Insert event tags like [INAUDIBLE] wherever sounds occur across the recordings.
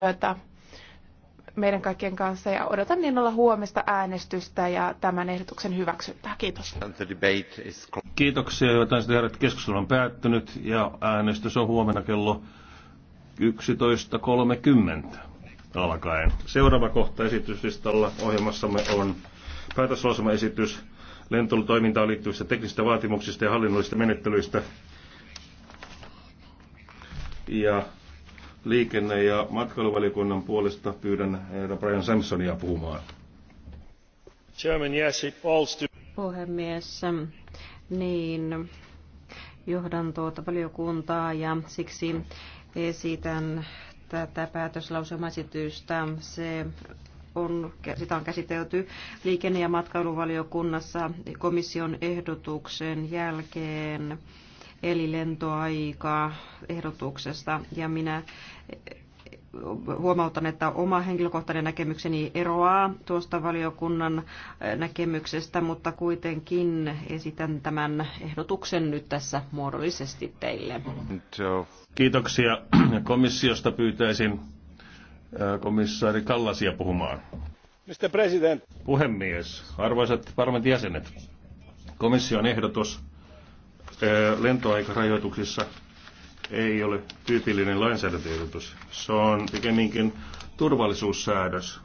työtä meidän kaikkien kanssa ja odotan niin olla huomista äänestystä ja tämän ehdotuksen hyväksyntää. Kiitos. Kiitoksia, joten herrat, keskustelu on päättynyt ja äänestys on huomenna kello 11.30 alkaen. Seuraava kohta esityslistalla ohjelmassamme on päätöslausumaesitys lentolutoimintaan liittyvistä teknisistä vaatimuksista ja hallinnollisista menettelyistä. Ja liikenne- ja matkailuvalikunnan puolesta pyydän herra Brian Samsonia puhumaan. Chairman, yes, it falls to... Puhemies, niin johdan tuota valiokuntaa ja siksi esitän tätä päätöslausumaisitystä. Se on, sitä on käsitelty liikenne- ja matkailuvaliokunnassa komission ehdotuksen jälkeen eli lentoaikaa ehdotuksesta. Ja minä huomautan, että oma henkilökohtainen näkemykseni eroaa tuosta valiokunnan näkemyksestä, mutta kuitenkin esitän tämän ehdotuksen nyt tässä muodollisesti teille. Kiitoksia. Komissiosta pyytäisin komissaari Kallasia puhumaan. Mr. President. Puhemies, arvoisat parlamentin jäsenet, komission ehdotus lentoaikarajoituksissa ei ole tyypillinen lainsäädäntöehdotus. Se on pikemminkin turvallisuussäädös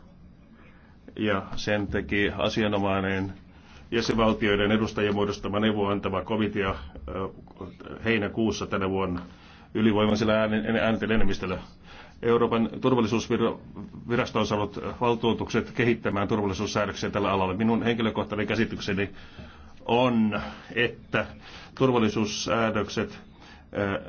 ja sen teki asianomainen jäsenvaltioiden edustajien muodostama neuvoantava komitea heinäkuussa tänä vuonna ylivoimaisella äänten enemmistöllä. Euroopan turvallisuusvirasto on saanut valtuutukset kehittämään turvallisuussäädöksiä tällä alalla. Minun henkilökohtainen käsitykseni on, että turvallisuussäädökset äh, äh,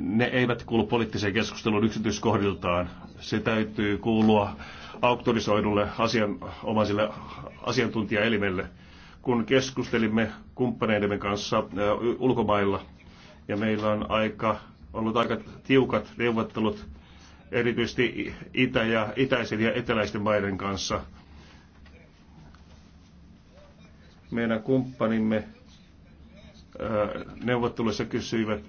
ne eivät kuulu poliittiseen keskusteluun yksityiskohdiltaan. Se täytyy kuulua auktorisoidulle asianomaisille asiantuntijaelimelle. Kun keskustelimme kumppaneidemme kanssa äh, ulkomailla ja meillä on aika, ollut aika tiukat neuvottelut erityisesti Itä- ja itäisen ja eteläisten maiden kanssa – meidän kumppanimme neuvotteluissa kysyivät,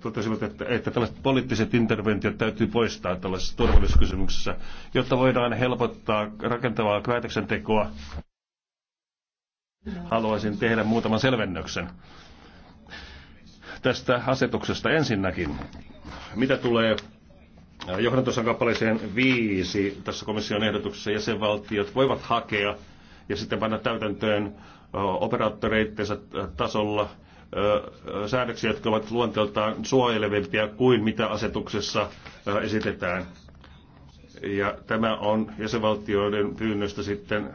totesivat, että, että tällaiset poliittiset interventiot täytyy poistaa tällaisessa turvallisuuskysymyksessä, jotta voidaan helpottaa rakentavaa päätöksentekoa. Haluaisin tehdä muutaman selvennöksen tästä asetuksesta ensinnäkin. Mitä tulee johdantosan kappaleeseen viisi tässä komission ehdotuksessa jäsenvaltiot voivat hakea ja sitten panna täytäntöön operaattoreittensa tasolla säädöksiä, jotka ovat luonteeltaan suojelevimpia kuin mitä asetuksessa esitetään. Ja tämä on jäsenvaltioiden pyynnöstä sitten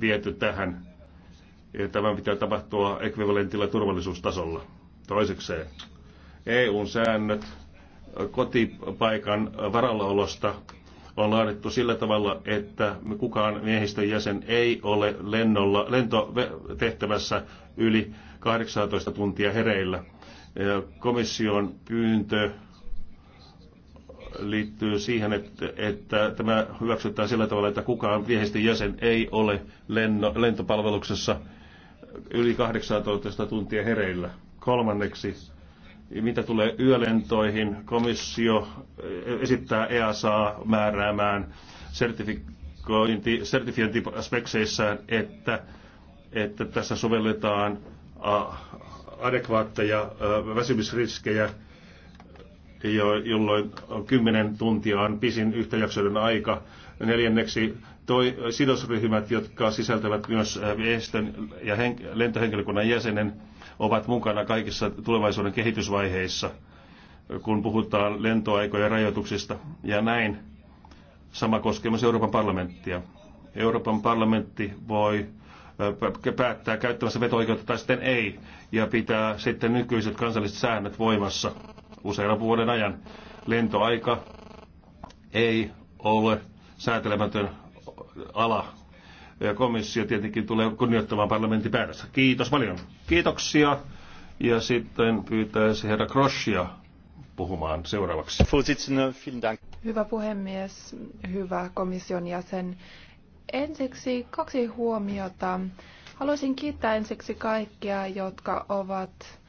viety tähän. Ja tämän pitää tapahtua ekvivalentilla turvallisuustasolla. Toisekseen eu säännöt kotipaikan varallaolosta on laadittu sillä tavalla, että kukaan miehistön jäsen ei ole lennolla, lentotehtävässä yli 18 tuntia hereillä. Komission pyyntö liittyy siihen, että, että tämä hyväksytään sillä tavalla, että kukaan miehistön jäsen ei ole lenno, lentopalveluksessa yli 18 tuntia hereillä. Kolmanneksi mitä tulee yölentoihin, komissio eh, esittää EASA määräämään sertifiointispekseissään, että, että tässä sovelletaan adekvaatteja väsymisriskejä, jolloin 10 tuntia on pisin yhtäjaksoiden aika. Neljänneksi toi, sidosryhmät, jotka sisältävät myös viestön ja henk- lentohenkilökunnan jäsenen, ovat mukana kaikissa tulevaisuuden kehitysvaiheissa, kun puhutaan lentoaikojen rajoituksista. Ja näin sama koskee myös Euroopan parlamenttia. Euroopan parlamentti voi päättää käyttämässä veto-oikeutta tai sitten ei, ja pitää sitten nykyiset kansalliset säännöt voimassa useilla vuoden ajan. Lentoaika ei ole säätelemätön ala ja komissio tietenkin tulee kunnioittamaan parlamentin päätössä. Kiitos paljon. Kiitoksia. Ja sitten pyytäisi herra Kroschia puhumaan seuraavaksi. Hyvä puhemies, hyvä komission jäsen. Ensiksi kaksi huomiota. Haluaisin kiittää ensiksi kaikkia, jotka ovat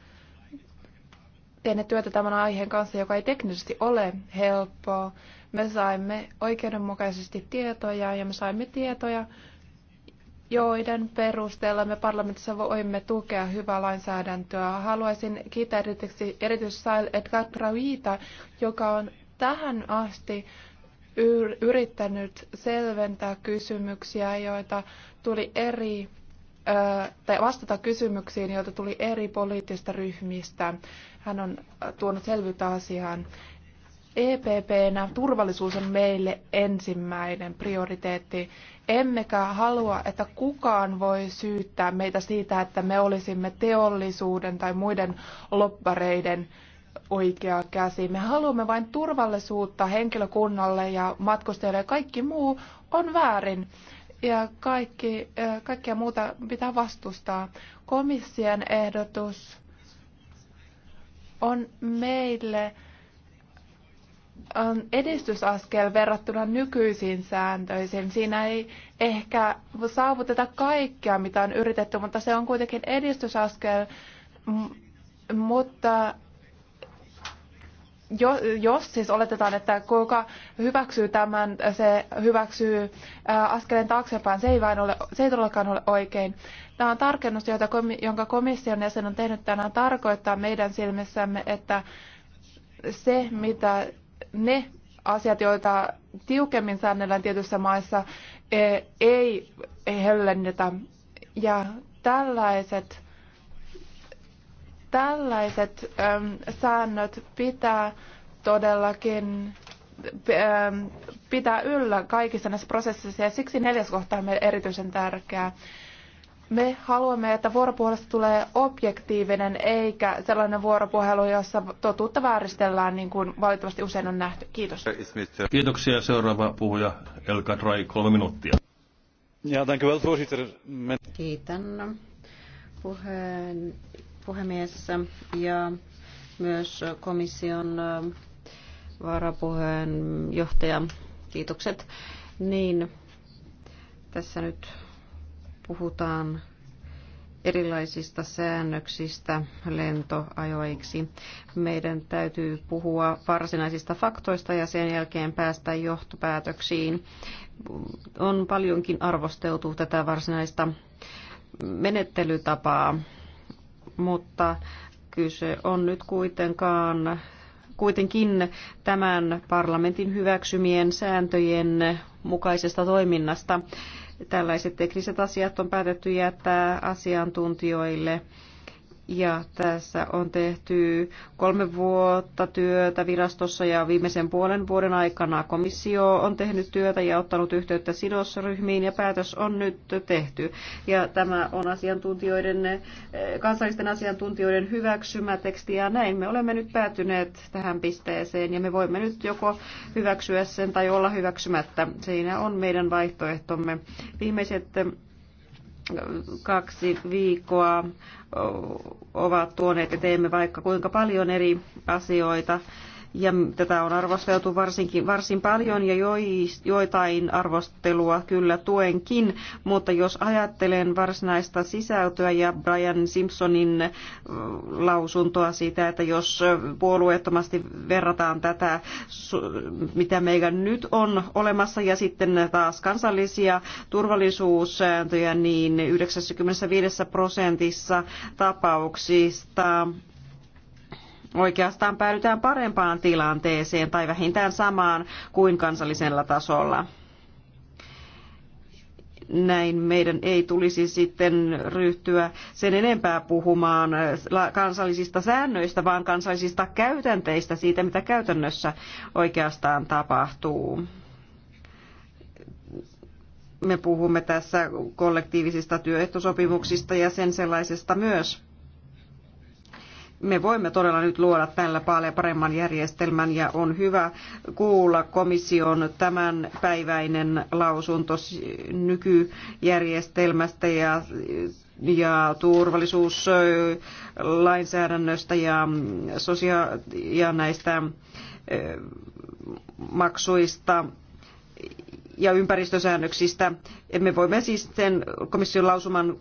tehneet työtä tämän aiheen kanssa, joka ei teknisesti ole helppoa. Me saimme oikeudenmukaisesti tietoja ja me saimme tietoja joiden perusteella me parlamentissa voimme tukea hyvää lainsäädäntöä. Haluaisin kiittää erityisesti, erityisesti Sail Edgar Trauita, joka on tähän asti yrittänyt selventää kysymyksiä, joita tuli eri tai vastata kysymyksiin, joita tuli eri poliittista ryhmistä. Hän on tuonut selvyyttä asiaan. EPPnä turvallisuus on meille ensimmäinen prioriteetti. Emmekä halua, että kukaan voi syyttää meitä siitä, että me olisimme teollisuuden tai muiden loppareiden oikea käsi. Me haluamme vain turvallisuutta henkilökunnalle ja matkustajille. Kaikki muu on väärin ja kaikki, kaikkea muuta pitää vastustaa. Komission ehdotus on meille on edistysaskel verrattuna nykyisiin sääntöihin. Siinä ei ehkä saavuteta kaikkea, mitä on yritetty, mutta se on kuitenkin edistysaskel. mutta jo, jos siis oletetaan, että kuka hyväksyy tämän, se hyväksyy askeleen taaksepäin, se ei, vain ole, se ei todellakaan ole oikein. Tämä on tarkennus, jota, jonka komission jäsen on tehnyt tänään, tarkoittaa meidän silmissämme, että se, mitä ne asiat, joita tiukemmin säännellään tietyissä maissa, e, ei höllennetä. Ja tällaiset, tällaiset säännöt pitää todellakin pitää yllä kaikissa näissä prosesseissa ja siksi neljäs kohta on erityisen tärkeää. Me haluamme, että vuoropuhelusta tulee objektiivinen eikä sellainen vuoropuhelu, jossa totuutta vääristellään, niin kuin valitettavasti usein on nähty. Kiitos. Kiitoksia. Seuraava puhuja Elka Drai, kolme minuuttia. Ja, dank wel, voorzitter. Kiitän puheen, puhemies ja myös komission varapuheenjohtaja. Kiitokset. Niin, tässä nyt puhutaan erilaisista säännöksistä lentoajoiksi. Meidän täytyy puhua varsinaisista faktoista ja sen jälkeen päästä johtopäätöksiin. On paljonkin arvosteltu tätä varsinaista menettelytapaa, mutta kyse on nyt kuitenkaan kuitenkin tämän parlamentin hyväksymien sääntöjen mukaisesta toiminnasta Tällaiset tekniset asiat on päätetty jättää asiantuntijoille. Ja tässä on tehty kolme vuotta työtä virastossa ja viimeisen puolen vuoden aikana komissio on tehnyt työtä ja ottanut yhteyttä sidosryhmiin ja päätös on nyt tehty. Ja tämä on asiantuntijoiden, kansallisten asiantuntijoiden hyväksymä teksti ja näin me olemme nyt päätyneet tähän pisteeseen ja me voimme nyt joko hyväksyä sen tai olla hyväksymättä. Siinä on meidän vaihtoehtomme. Viimeiset kaksi viikkoa ovat tuoneet ja teemme vaikka kuinka paljon eri asioita ja tätä on arvosteltu varsinkin, varsin paljon ja joitain arvostelua kyllä tuenkin, mutta jos ajattelen varsinaista sisältöä ja Brian Simpsonin lausuntoa siitä, että jos puolueettomasti verrataan tätä, mitä meillä nyt on olemassa ja sitten taas kansallisia turvallisuussääntöjä, niin 95 prosentissa tapauksista oikeastaan päädytään parempaan tilanteeseen tai vähintään samaan kuin kansallisella tasolla. Näin meidän ei tulisi sitten ryhtyä sen enempää puhumaan kansallisista säännöistä, vaan kansallisista käytänteistä siitä, mitä käytännössä oikeastaan tapahtuu me puhumme tässä kollektiivisista työehtosopimuksista ja sen sellaisesta myös me voimme todella nyt luoda tällä paljon paremman järjestelmän ja on hyvä kuulla komission tämänpäiväinen lausunto nykyjärjestelmästä ja ja turvallisuuslainsäädännöstä ja, mm, sosia- ja näistä mm, maksuista ja ympäristösäännöksistä. Me voimme siis sen komission lausuman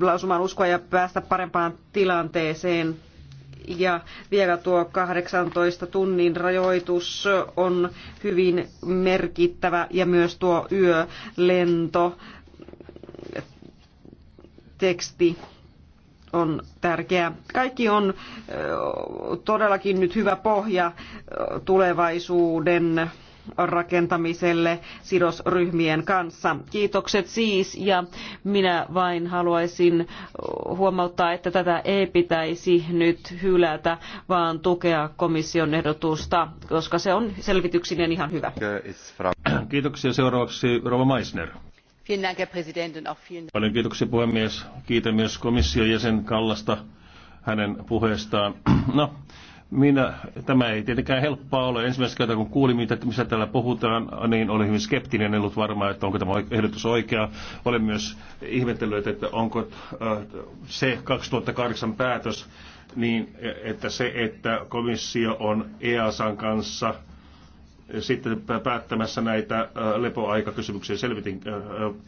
lausumaan uskoa ja päästä parempaan tilanteeseen. Ja vielä tuo 18 tunnin rajoitus on hyvin merkittävä ja myös tuo yölento teksti on tärkeä. Kaikki on todellakin nyt hyvä pohja tulevaisuuden rakentamiselle sidosryhmien kanssa. Kiitokset siis ja minä vain haluaisin huomauttaa, että tätä ei pitäisi nyt hylätä, vaan tukea komission ehdotusta, koska se on selvityksinen ihan hyvä. Kiitoksia. Seuraavaksi Rova Meissner. Paljon kiitoksia puhemies. Kiitän myös komission jäsen Kallasta hänen puheestaan. [CLEARS THROAT] No, minä, tämä ei tietenkään helppoa ole. Ensimmäistä kertaa kun kuulin, mitä, mistä täällä puhutaan, niin olin hyvin skeptinen, en ollut varma, että onko tämä ehdotus oikea. Olen myös ihmetellyt, että onko äh, se 2008 päätös, niin e-, että se, että komissio on EASan kanssa – sitten päättämässä näitä äh, lepoaikakysymyksiä. Selvitin äh,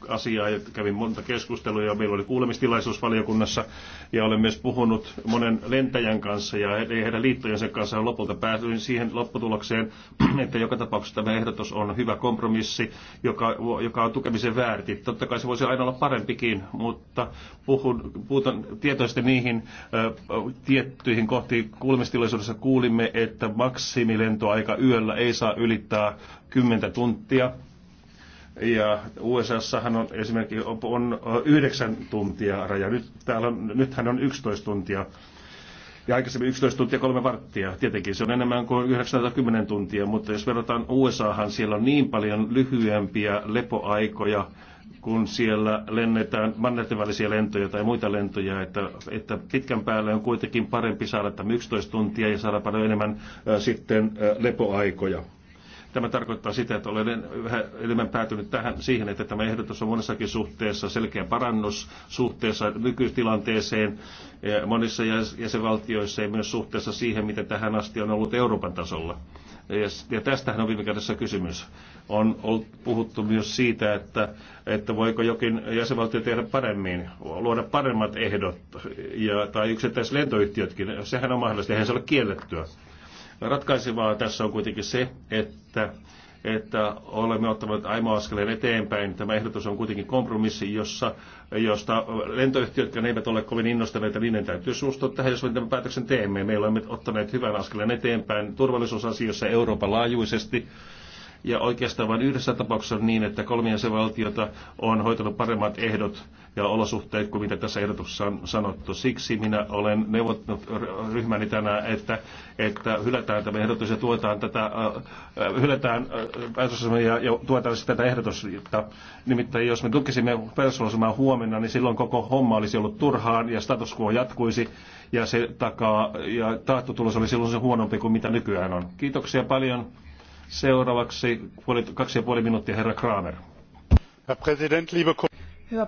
asiaa ja kävin monta keskustelua ja meillä oli kuulemistilaisuus valiokunnassa ja olen myös puhunut monen lentäjän kanssa ja heidän liittojensa kanssa lopulta päätyin siihen lopputulokseen, [CLEARS THROAT] että joka tapauksessa tämä ehdotus on hyvä kompromissi, joka, joka on tukemisen väärti. Totta kai se voisi aina olla parempikin, mutta puhun, puhutan tietoisesti niihin äh, tiettyihin kohtiin. Kuulemistilaisuudessa kuulimme, että maksimilentoaika yöllä ei saa yli ylittää 10 tuntia. Ja USAssahan on esimerkiksi on 9 tuntia raja. Nyt, täällä on, nythän on 11 tuntia. Ja aikaisemmin 11 tuntia kolme varttia. Tietenkin se on enemmän kuin 910 tuntia, mutta jos verrataan USAhan, siellä on niin paljon lyhyempiä lepoaikoja, kun siellä lennetään mannertenvälisiä lentoja tai muita lentoja, että, että pitkän päälle on kuitenkin parempi saada tämä 11 tuntia ja saada paljon enemmän äh, sitten äh, lepoaikoja. Tämä tarkoittaa sitä, että olen vähän enemmän päätynyt tähän siihen, että tämä ehdotus on monessakin suhteessa selkeä parannus suhteessa nykytilanteeseen monissa jäsenvaltioissa ja myös suhteessa siihen, mitä tähän asti on ollut Euroopan tasolla. Ja tästähän on viime kädessä kysymys. On puhuttu myös siitä, että, että voiko jokin jäsenvaltio tehdä paremmin, luoda paremmat ehdot, ja, tai yksittäiset lentoyhtiötkin. Sehän on mahdollista, eihän se ole kiellettyä Ratkaisevaa tässä on kuitenkin se, että että olemme ottaneet aimo askeleen eteenpäin. Tämä ehdotus on kuitenkin kompromissi, jossa, josta lentoyhtiöt, eivät ole kovin innostuneita, ne niin täytyy suostua tähän, jos me tämän päätöksen teemme. Me olemme ottaneet hyvän askeleen eteenpäin turvallisuusasioissa Euroopan laajuisesti. Ja oikeastaan vain yhdessä tapauksessa on niin, että kolmien valtiota on hoitanut paremmat ehdot ja olosuhteet kuin mitä tässä ehdotuksessa on sanottu. Siksi minä olen neuvottanut ryhmäni tänään, että, että hylätään tämä ehdotus ja tuetaan tätä, äh, hylätään äh, ja, ja tuetaan tätä ehdotusta. Nimittäin jos me tukisimme perustuslausuma huomenna, niin silloin koko homma olisi ollut turhaan ja status quo jatkuisi ja se takaa ja tahtotulos oli silloin se huonompi kuin mitä nykyään on. Kiitoksia paljon. Seuraavaksi puoli, kaksi ja puoli minuuttia herra Kramer. Hyvä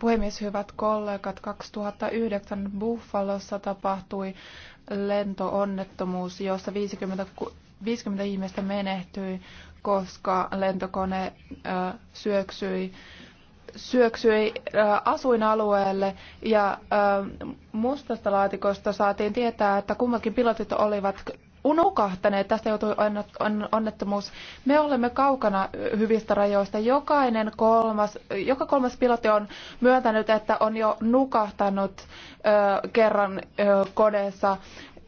puhemies, hyvät kollegat. 2009 Buffalossa tapahtui lentoonnettomuus, jossa 50, 50 ihmistä menehtyi, koska lentokone äh, syöksyi syöksyi asuinalueelle ja mustasta laatikosta saatiin tietää, että kummatkin pilotit olivat Unukahtaneet tästä joutui onnettomuus. Me olemme kaukana hyvistä rajoista. Jokainen kolmas, joka kolmas pilotti on myöntänyt, että on jo nukahtanut ö, kerran ö, kodeessa.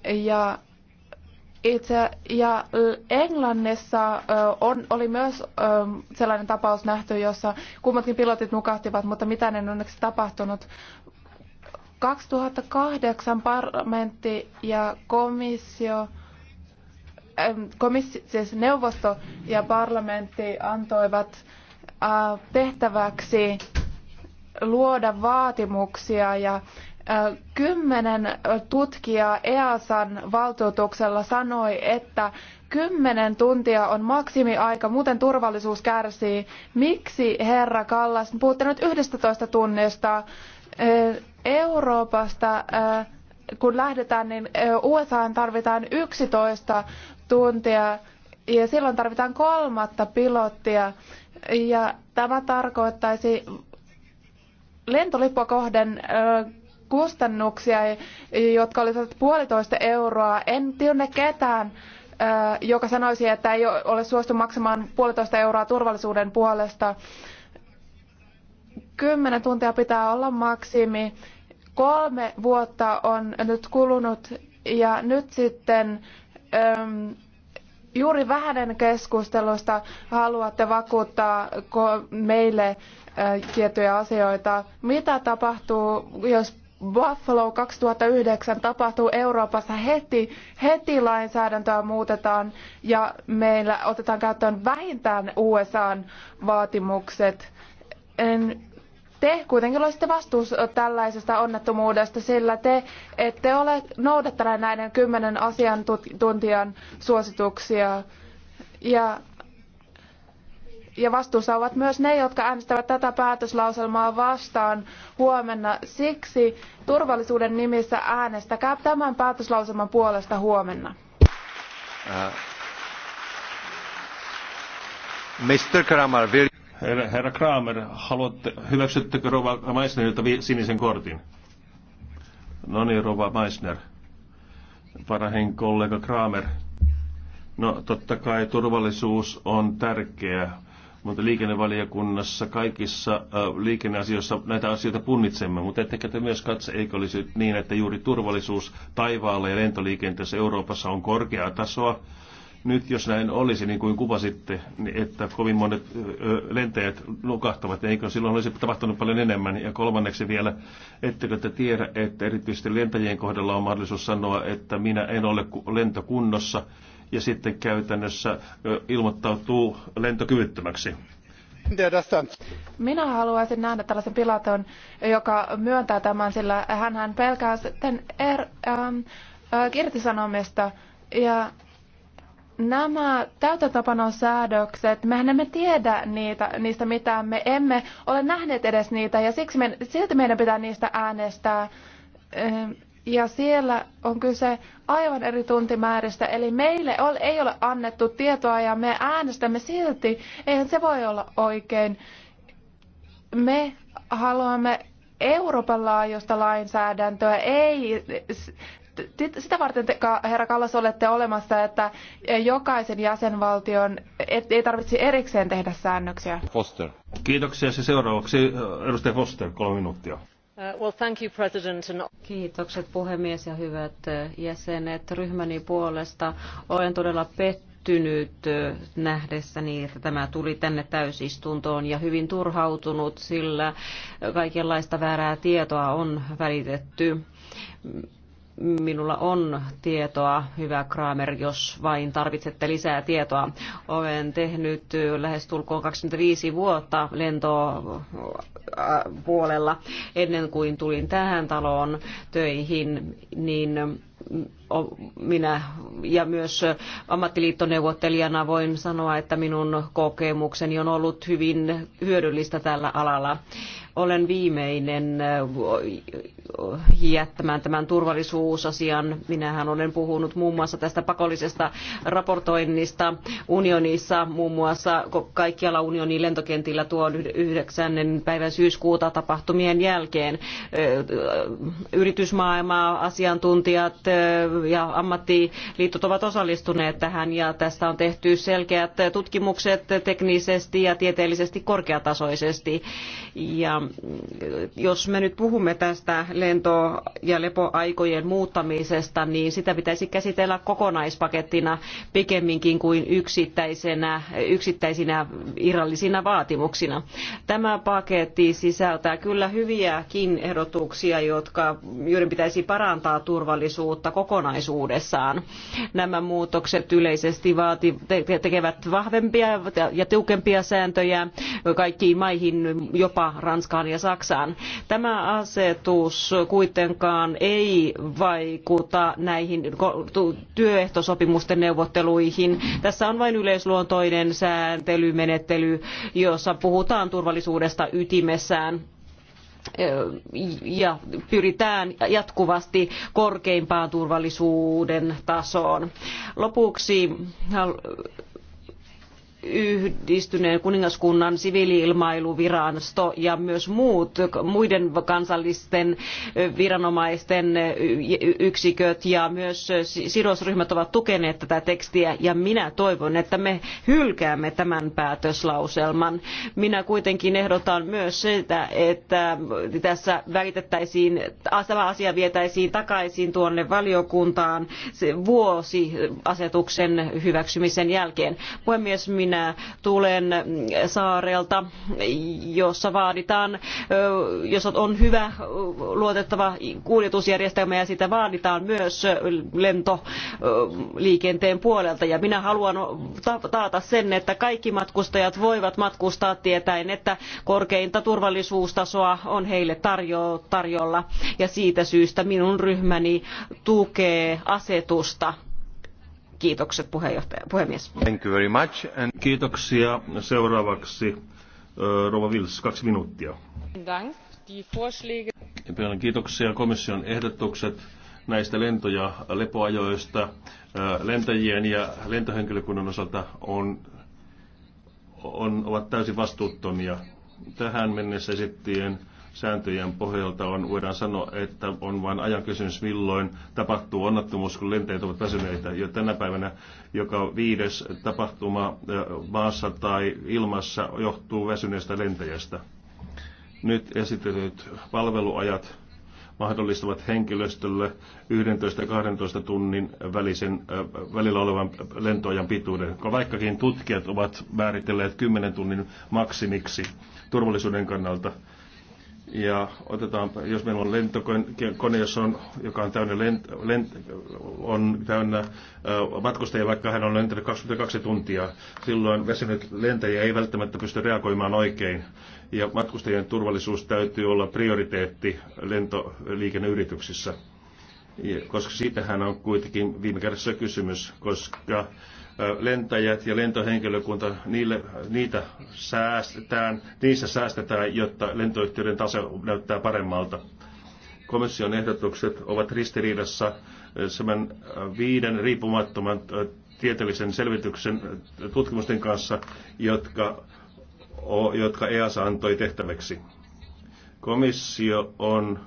Ja itse, ja Englannissa ö, on, oli myös ö, sellainen tapaus nähty, jossa kummatkin pilotit nukahtivat, mutta mitään ei onneksi tapahtunut. 2008 parlamentti ja komissio Ähm, komissi- siis neuvosto ja parlamentti antoivat äh, tehtäväksi luoda vaatimuksia ja äh, kymmenen tutkijaa e EASan valtuutuksella sanoi, että kymmenen tuntia on maksimiaika, muuten turvallisuus kärsii. Miksi, herra Kallas, puhutte nyt 11 tunnista äh, Euroopasta kun lähdetään, niin USA tarvitaan 11 tuntia ja silloin tarvitaan kolmatta pilottia ja tämä tarkoittaisi lentolippua kohden kustannuksia, jotka olisivat puolitoista euroa. En tunne ketään, joka sanoisi, että ei ole suostu maksamaan puolitoista euroa turvallisuuden puolesta. Kymmenen tuntia pitää olla maksimi. Kolme vuotta on nyt kulunut ja nyt sitten juuri vähäinen keskustelusta haluatte vakuuttaa meille tiettyjä asioita. Mitä tapahtuu, jos Buffalo 2009 tapahtuu Euroopassa heti, heti lainsäädäntöä muutetaan ja meillä otetaan käyttöön vähintään USAn vaatimukset. En te kuitenkin olisitte vastuussa tällaisesta onnettomuudesta, sillä te ette ole noudattaneet näiden kymmenen asiantuntijan suosituksia. Ja, ja vastuussa ovat myös ne, jotka äänestävät tätä päätöslauselmaa vastaan huomenna. Siksi turvallisuuden nimissä äänestäkää tämän päätöslauselman puolesta huomenna. Äh, Mr. Kramer, will... Herra Kramer, haluatte, hyväksyttekö Rova Meissnerilta sinisen kortin? No niin, Rova Meissner. Parahin kollega Kramer. No totta kai turvallisuus on tärkeää, mutta liikennevaliokunnassa kaikissa äh, liikenneasioissa näitä asioita punnitsemme, mutta ettekä te myös katso, eikö olisi niin, että juuri turvallisuus taivaalla ja lentoliikenteessä Euroopassa on korkeaa tasoa, nyt jos näin olisi, niin kuin kuvasitte, niin että kovin monet lentäjät lukahtavat, niin eikö silloin olisi tapahtunut paljon enemmän? Ja kolmanneksi vielä, ettekö te tiedä, että erityisesti lentäjien kohdalla on mahdollisuus sanoa, että minä en ole lentokunnossa, ja sitten käytännössä ilmoittautuu lentokyvyttömäksi? Minä haluaisin nähdä tällaisen Pilaton, joka myöntää tämän, sillä hän pelkää sitten er, ähm, irtisanomista. Ja nämä täytäntöpanosäädökset, mehän emme tiedä niitä, niistä mitään, me emme ole nähneet edes niitä ja siksi me, silti meidän pitää niistä äänestää. Ehm, ja siellä on kyse aivan eri tuntimääristä, eli meille ei ole annettu tietoa ja me äänestämme silti. Eihän se voi olla oikein. Me haluamme Euroopan laajuista lainsäädäntöä ei sitä varten, te, herra Kallas, olette olemassa, että jokaisen jäsenvaltion ei tarvitse erikseen tehdä säännöksiä. Foster. Kiitoksia. Se seuraavaksi äh, edustaja Foster, kolme minuuttia. Uh, well, thank you, President. Kiitokset puhemies ja hyvät äh, jäsenet ryhmäni puolesta. Olen todella pettynyt pettynyt nähdessäni, että tämä tuli tänne täysistuntoon ja hyvin turhautunut, sillä kaikenlaista väärää tietoa on välitetty Minulla on tietoa, hyvä Kramer, jos vain tarvitsette lisää tietoa. Olen tehnyt lähestulkoon 25 vuotta lentopuolella ennen kuin tulin tähän taloon töihin, niin minä ja myös ammattiliittoneuvottelijana voin sanoa, että minun kokemukseni on ollut hyvin hyödyllistä tällä alalla. Olen viimeinen jättämään tämän turvallisuusasian. Minähän olen puhunut muun muassa tästä pakollisesta raportoinnista unionissa, muun muassa kaikkialla unionin lentokentillä tuon 9. päivän syyskuuta tapahtumien jälkeen. Yritysmaailma, asiantuntijat ja ammattiliitot ovat osallistuneet tähän ja tästä on tehty selkeät tutkimukset teknisesti ja tieteellisesti korkeatasoisesti. Ja mm, jos me nyt puhumme tästä lento- ja lepoaikojen muuttamisesta, niin sitä pitäisi käsitellä kokonaispakettina pikemminkin kuin yksittäisenä, yksittäisinä irrallisina vaatimuksina. Tämä paketti sisältää kyllä hyviäkin ehdotuksia, jotka, joiden pitäisi parantaa turvallisuutta kokonaisuudessaan. Nämä muutokset yleisesti vaati, tekevät vahvempia ja tiukempia sääntöjä kaikkiin maihin, jopa Ranskaan ja Saksaan. Tämä asetus kuitenkaan ei vaikuta näihin työehtosopimusten neuvotteluihin. Tässä on vain yleisluontoinen sääntelymenettely, jossa puhutaan turvallisuudesta ytimessään ja pyritään jatkuvasti korkeimpaan turvallisuuden tasoon. Lopuksi yhdistyneen kuningaskunnan siviiliilmailuvirasto ja myös muut muiden kansallisten viranomaisten yksiköt ja myös sidosryhmät ovat tukeneet tätä tekstiä ja minä toivon, että me hylkäämme tämän päätöslauselman. Minä kuitenkin ehdotan myös sitä, että tässä välitettäisiin, tämä asia vietäisiin takaisin tuonne valiokuntaan vuosi asetuksen hyväksymisen jälkeen. Puhemies, minä minä tulen saarelta, jossa vaaditaan, jossa on hyvä luotettava kuljetusjärjestelmä ja sitä vaaditaan myös lentoliikenteen puolelta. Ja minä haluan taata sen, että kaikki matkustajat voivat matkustaa tietäen, että korkeinta turvallisuustasoa on heille tarjolla. Ja siitä syystä minun ryhmäni tukee asetusta Kiitokset puheenjohtaja, puhemies. Thank you very much. And... Kiitoksia. Seuraavaksi Rova Vils, kaksi minuuttia. Dank. Die kiitoksia komission ehdotukset näistä lento- ja lepoajoista lentäjien ja lentohenkilökunnan osalta on, on, ovat täysin vastuuttomia. Tähän mennessä esittien sääntöjen pohjalta on, voidaan sanoa, että on vain ajan kysymys, milloin tapahtuu onnettomuus, kun lentäjät ovat väsyneitä. Jo tänä päivänä joka viides tapahtuma maassa tai ilmassa johtuu väsyneestä lentäjästä. Nyt esitetyt palveluajat mahdollistavat henkilöstölle 11-12 tunnin välisen, välillä olevan lentoajan pituuden, vaikkakin tutkijat ovat määritelleet 10 tunnin maksimiksi turvallisuuden kannalta. Ja otetaan, jos meillä on lentokone, jossa on, joka on täynnä, lent, lent, on täynnä matkustajia, vaikka hän on lentänyt 22 tuntia, silloin väsynyt lentäjä ei välttämättä pysty reagoimaan oikein. Ja matkustajien turvallisuus täytyy olla prioriteetti lentoliikenneyrityksissä, koska siitähän on kuitenkin viime kädessä kysymys, koska lentäjät ja lentohenkilökunta, niille, niitä säästetään, niissä säästetään, jotta lentoyhtiöiden taso näyttää paremmalta. Komission ehdotukset ovat ristiriidassa tämän viiden riippumattoman tieteellisen selvityksen tutkimusten kanssa, jotka, jotka EASA antoi tehtäväksi. Komissio on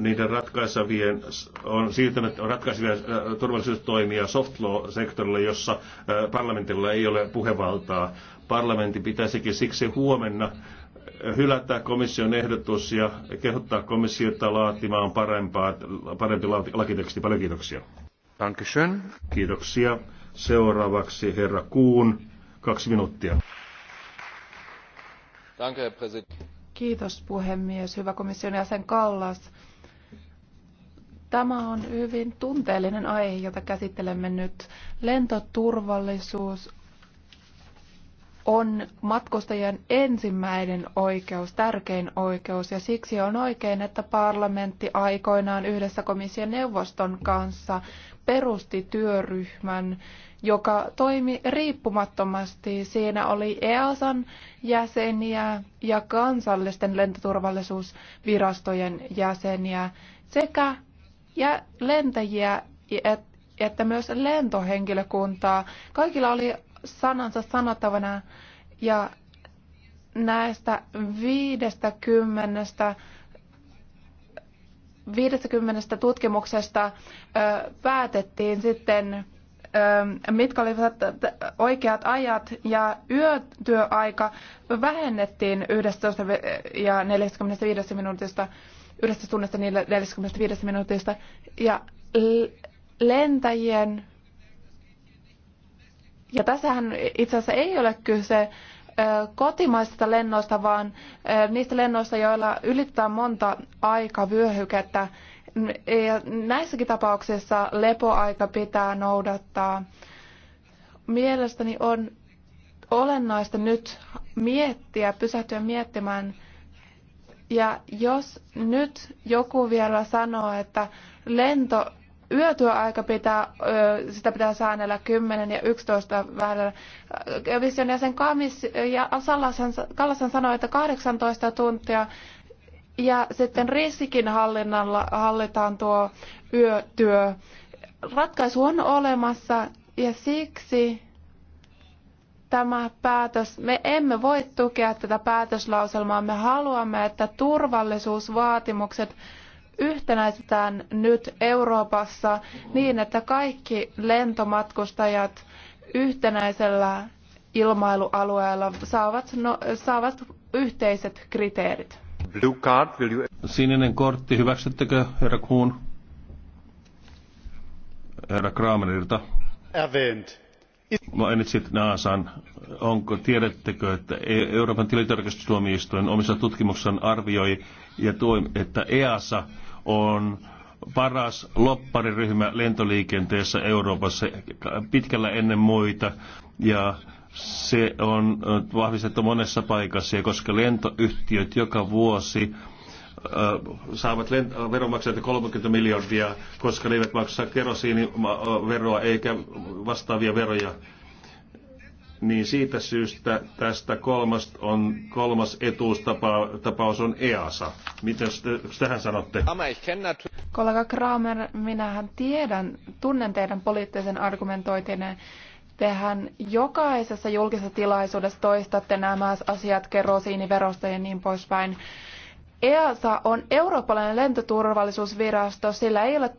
niiden ratkaisevien, on siirtänyt ratkaisevia äh, turvallisuustoimia soft law-sektorille, jossa äh, parlamentilla ei ole puhevaltaa. Parlamentti pitäisikin siksi huomenna hylätä komission ehdotus ja kehottaa komissiota laatimaan parempaa, parempi lakiteksti. Paljon kiitoksia. Dankeschön. Kiitoksia. Seuraavaksi herra Kuun. Kaksi minuuttia. Danke, Kiitos puhemies. Hyvä komission jäsen Kallas. Tämä on hyvin tunteellinen aihe, jota käsittelemme nyt. Lentoturvallisuus on matkustajien ensimmäinen oikeus, tärkein oikeus, ja siksi on oikein, että parlamentti aikoinaan yhdessä komission neuvoston kanssa perusti työryhmän, joka toimi riippumattomasti. Siinä oli EASan jäseniä ja kansallisten lentoturvallisuusvirastojen jäseniä sekä ja lentäjiä, että myös lentohenkilökuntaa. Kaikilla oli sanansa sanottavana ja näistä 50 50 tutkimuksesta ö, päätettiin sitten, ö, mitkä olivat oikeat ajat ja yötyöaika vähennettiin 11 ja 45 minuutista yhdestä tunnista 45 minuutista. Ja lentäjien... Ja tässähän itse asiassa ei ole kyse kotimaisista lennoista, vaan niistä lennoista, joilla ylittää monta aikavyöhykettä. Ja näissäkin tapauksissa lepoaika pitää noudattaa. Mielestäni on olennaista nyt miettiä, pysähtyä miettimään – ja jos nyt joku vielä sanoo, että lento yötyöaika pitää, sitä pitää säännellä 10 ja 11 välillä. Vision jäsen Kamis ja Kallashan sanoi, että 18 tuntia ja sitten riskikin hallinnalla hallitaan tuo yötyö. Ratkaisu on olemassa ja siksi tämä päätös, me emme voi tukea tätä päätöslauselmaa. Me haluamme, että turvallisuusvaatimukset yhtenäistetään nyt Euroopassa niin, että kaikki lentomatkustajat yhtenäisellä ilmailualueella saavat, no, saavat yhteiset kriteerit. Blue card, will you... No, sininen kortti, hyväksyttekö herra Kuun? Herra Kramerilta. Mainitsit Naasan. Onko, tiedättekö, että e- Euroopan tilintarkastustuomioistuin omissa tutkimuksissaan arvioi, ja tuo, että EASA on paras loppariryhmä lentoliikenteessä Euroopassa pitkällä ennen muita. Ja se on vahvistettu monessa paikassa, koska lentoyhtiöt joka vuosi saavat veronmaksajilta 30 miljardia, koska ne eivät maksa kerosiiniveroa eikä vastaavia veroja. Niin siitä syystä tästä kolmas, on, kolmas etuustapaus on EASA. Miten tähän sanotte? Kollega Kramer, minähän tiedän, tunnen teidän poliittisen argumentoitinen. Tehän jokaisessa julkisessa tilaisuudessa toistatte nämä asiat kerosiiniverosta ja niin poispäin. EASA on eurooppalainen lentoturvallisuusvirasto, sillä ei ole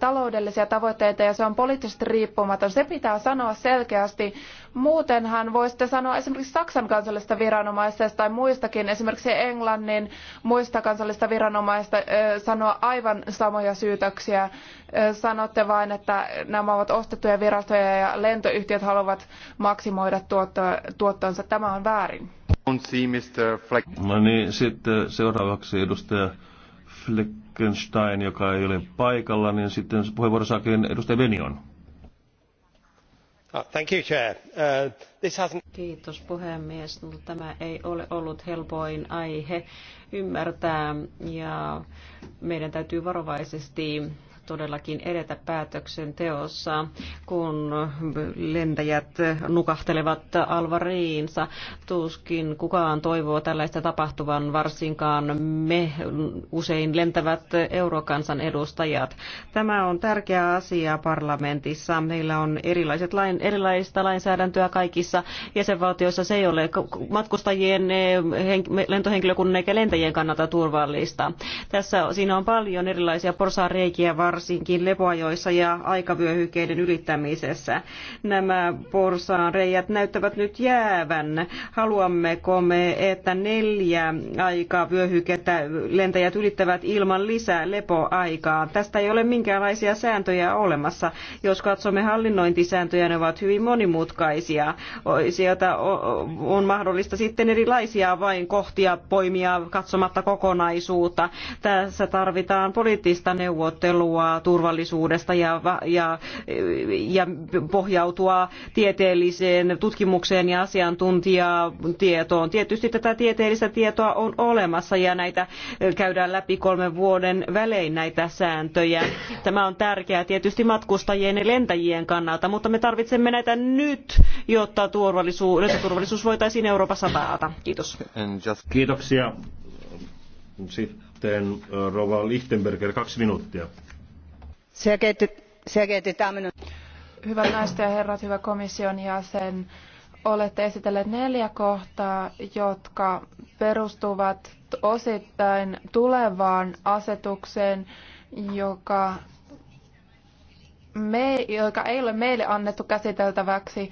taloudellisia tavoitteita ja se on poliittisesti riippumaton. Se pitää sanoa selkeästi. Muutenhan voisitte sanoa esimerkiksi Saksan kansallisesta viranomaisesta tai muistakin, esimerkiksi Englannin muista kansallista viranomaista sanoa aivan samoja syytöksiä. Sanotte vain, että nämä ovat ostettuja virastoja ja lentoyhtiöt haluavat maksimoida tuottonsa. Tämä on väärin. No niin, sitten seuraavaksi edustaja Fleckenstein, joka ei ole paikalla, niin sitten puheenvuoro saakin edustaja Venion. Uh, uh, Kiitos puhemies. No, tämä ei ole ollut helpoin aihe ymmärtää ja meidän täytyy varovaisesti todellakin edetä päätöksenteossa, kun lentäjät nukahtelevat alvariinsa. Tuskin kukaan toivoo tällaista tapahtuvan, varsinkaan me usein lentävät eurokansan edustajat. Tämä on tärkeä asia parlamentissa. Meillä on erilaiset lain, erilaista lainsäädäntöä kaikissa jäsenvaltioissa. Se ei ole matkustajien, eh, lentohenkilökunnan eikä lentäjien kannalta turvallista. Tässä siinä on paljon erilaisia reikiä var, varsinkin lepoajoissa ja aikavyöhykkeiden ylittämisessä. Nämä porsaan reijät näyttävät nyt jäävän. Haluammeko me, että neljä aikavyöhykettä lentäjät ylittävät ilman lisää lepoaikaa? Tästä ei ole minkäänlaisia sääntöjä olemassa. Jos katsomme hallinnointisääntöjä, ne ovat hyvin monimutkaisia. Sieltä on mahdollista sitten erilaisia vain kohtia poimia katsomatta kokonaisuutta. Tässä tarvitaan poliittista neuvottelua tietoa turvallisuudesta ja, ja, ja pohjautua tieteelliseen tutkimukseen ja asiantuntijatietoon. Tietysti tätä tieteellistä tietoa on olemassa ja näitä käydään läpi kolmen vuoden välein näitä sääntöjä. Tämä on tärkeää tietysti matkustajien ja lentäjien kannalta, mutta me tarvitsemme näitä nyt, jotta turvallisuus, turvallisuus voitaisiin Euroopassa taata. Kiitos. Kiitoksia. Sitten Rova Lichtenberger, kaksi minuuttia. Hyvät naiset ja herrat, hyvä komission jäsen, olette esitelleet neljä kohtaa, jotka perustuvat osittain tulevaan asetukseen, joka ei ole meille annettu käsiteltäväksi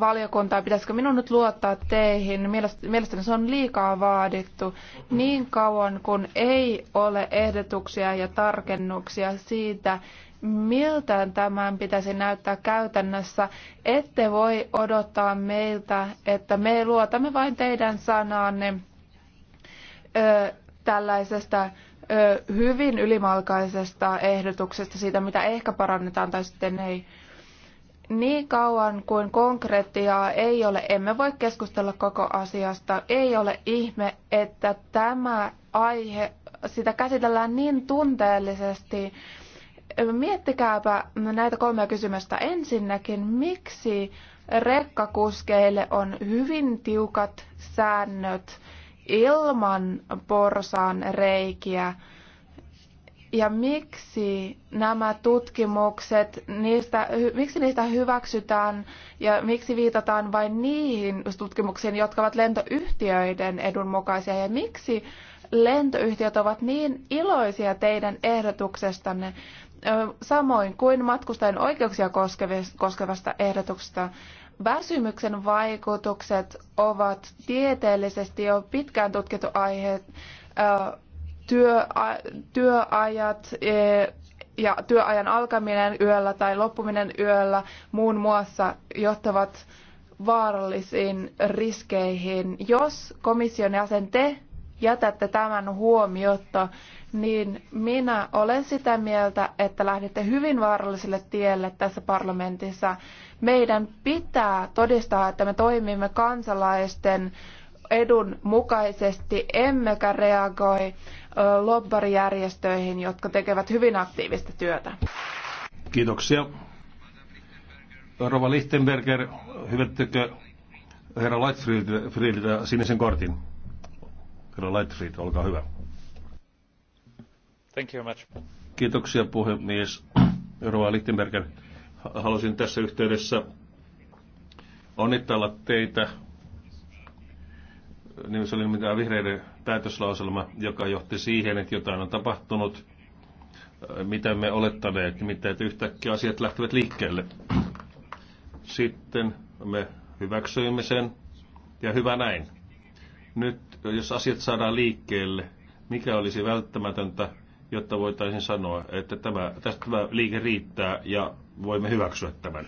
valiokuntaa, pitäisikö minun nyt luottaa teihin. Mielestäni se on liikaa vaadittu niin kauan, kun ei ole ehdotuksia ja tarkennuksia siitä, miltä tämän pitäisi näyttää käytännössä. Ette voi odottaa meiltä, että me luotamme vain teidän sanaanne ö, tällaisesta ö, hyvin ylimalkaisesta ehdotuksesta siitä, mitä ehkä parannetaan tai sitten ei. Niin kauan kuin konkretiaa ei ole, emme voi keskustella koko asiasta. Ei ole ihme, että tämä aihe, sitä käsitellään niin tunteellisesti. Miettikääpä näitä kolmea kysymystä. Ensinnäkin, miksi rekkakuskeille on hyvin tiukat säännöt ilman porsaan reikiä? ja miksi nämä tutkimukset, niistä, miksi niistä hyväksytään ja miksi viitataan vain niihin tutkimuksiin, jotka ovat lentoyhtiöiden edun mukaisia ja miksi lentoyhtiöt ovat niin iloisia teidän ehdotuksestanne, samoin kuin matkustajien oikeuksia koskevasta ehdotuksesta. Väsymyksen vaikutukset ovat tieteellisesti jo pitkään tutkittu aihe työa, työajat e, ja työajan alkaminen yöllä tai loppuminen yöllä muun muassa johtavat vaarallisiin riskeihin. Jos komission jäsen te jätätte tämän huomiotta, niin minä olen sitä mieltä, että lähdette hyvin vaaralliselle tielle tässä parlamentissa. Meidän pitää todistaa, että me toimimme kansalaisten edun mukaisesti, emmekä reagoi lobbarijärjestöihin, jotka tekevät hyvin aktiivista työtä. Kiitoksia. Rova Lichtenberger, hyvättekö herra Lightfriediltä sinisen kortin? Herra Lightfried, olkaa hyvä. Thank you very much. Kiitoksia puhemies. Rova Lichtenberger, halusin tässä yhteydessä onnitella teitä niin se oli mitään vihreiden päätöslauselma, joka johti siihen, että jotain on tapahtunut, äh, mitä me olettaneet, mitä että yhtäkkiä asiat lähtevät liikkeelle. Sitten me hyväksyimme sen, ja hyvä näin. Nyt, jos asiat saadaan liikkeelle, mikä olisi välttämätöntä, jotta voitaisiin sanoa, että tämä, tästä tämä liike riittää ja voimme hyväksyä tämän?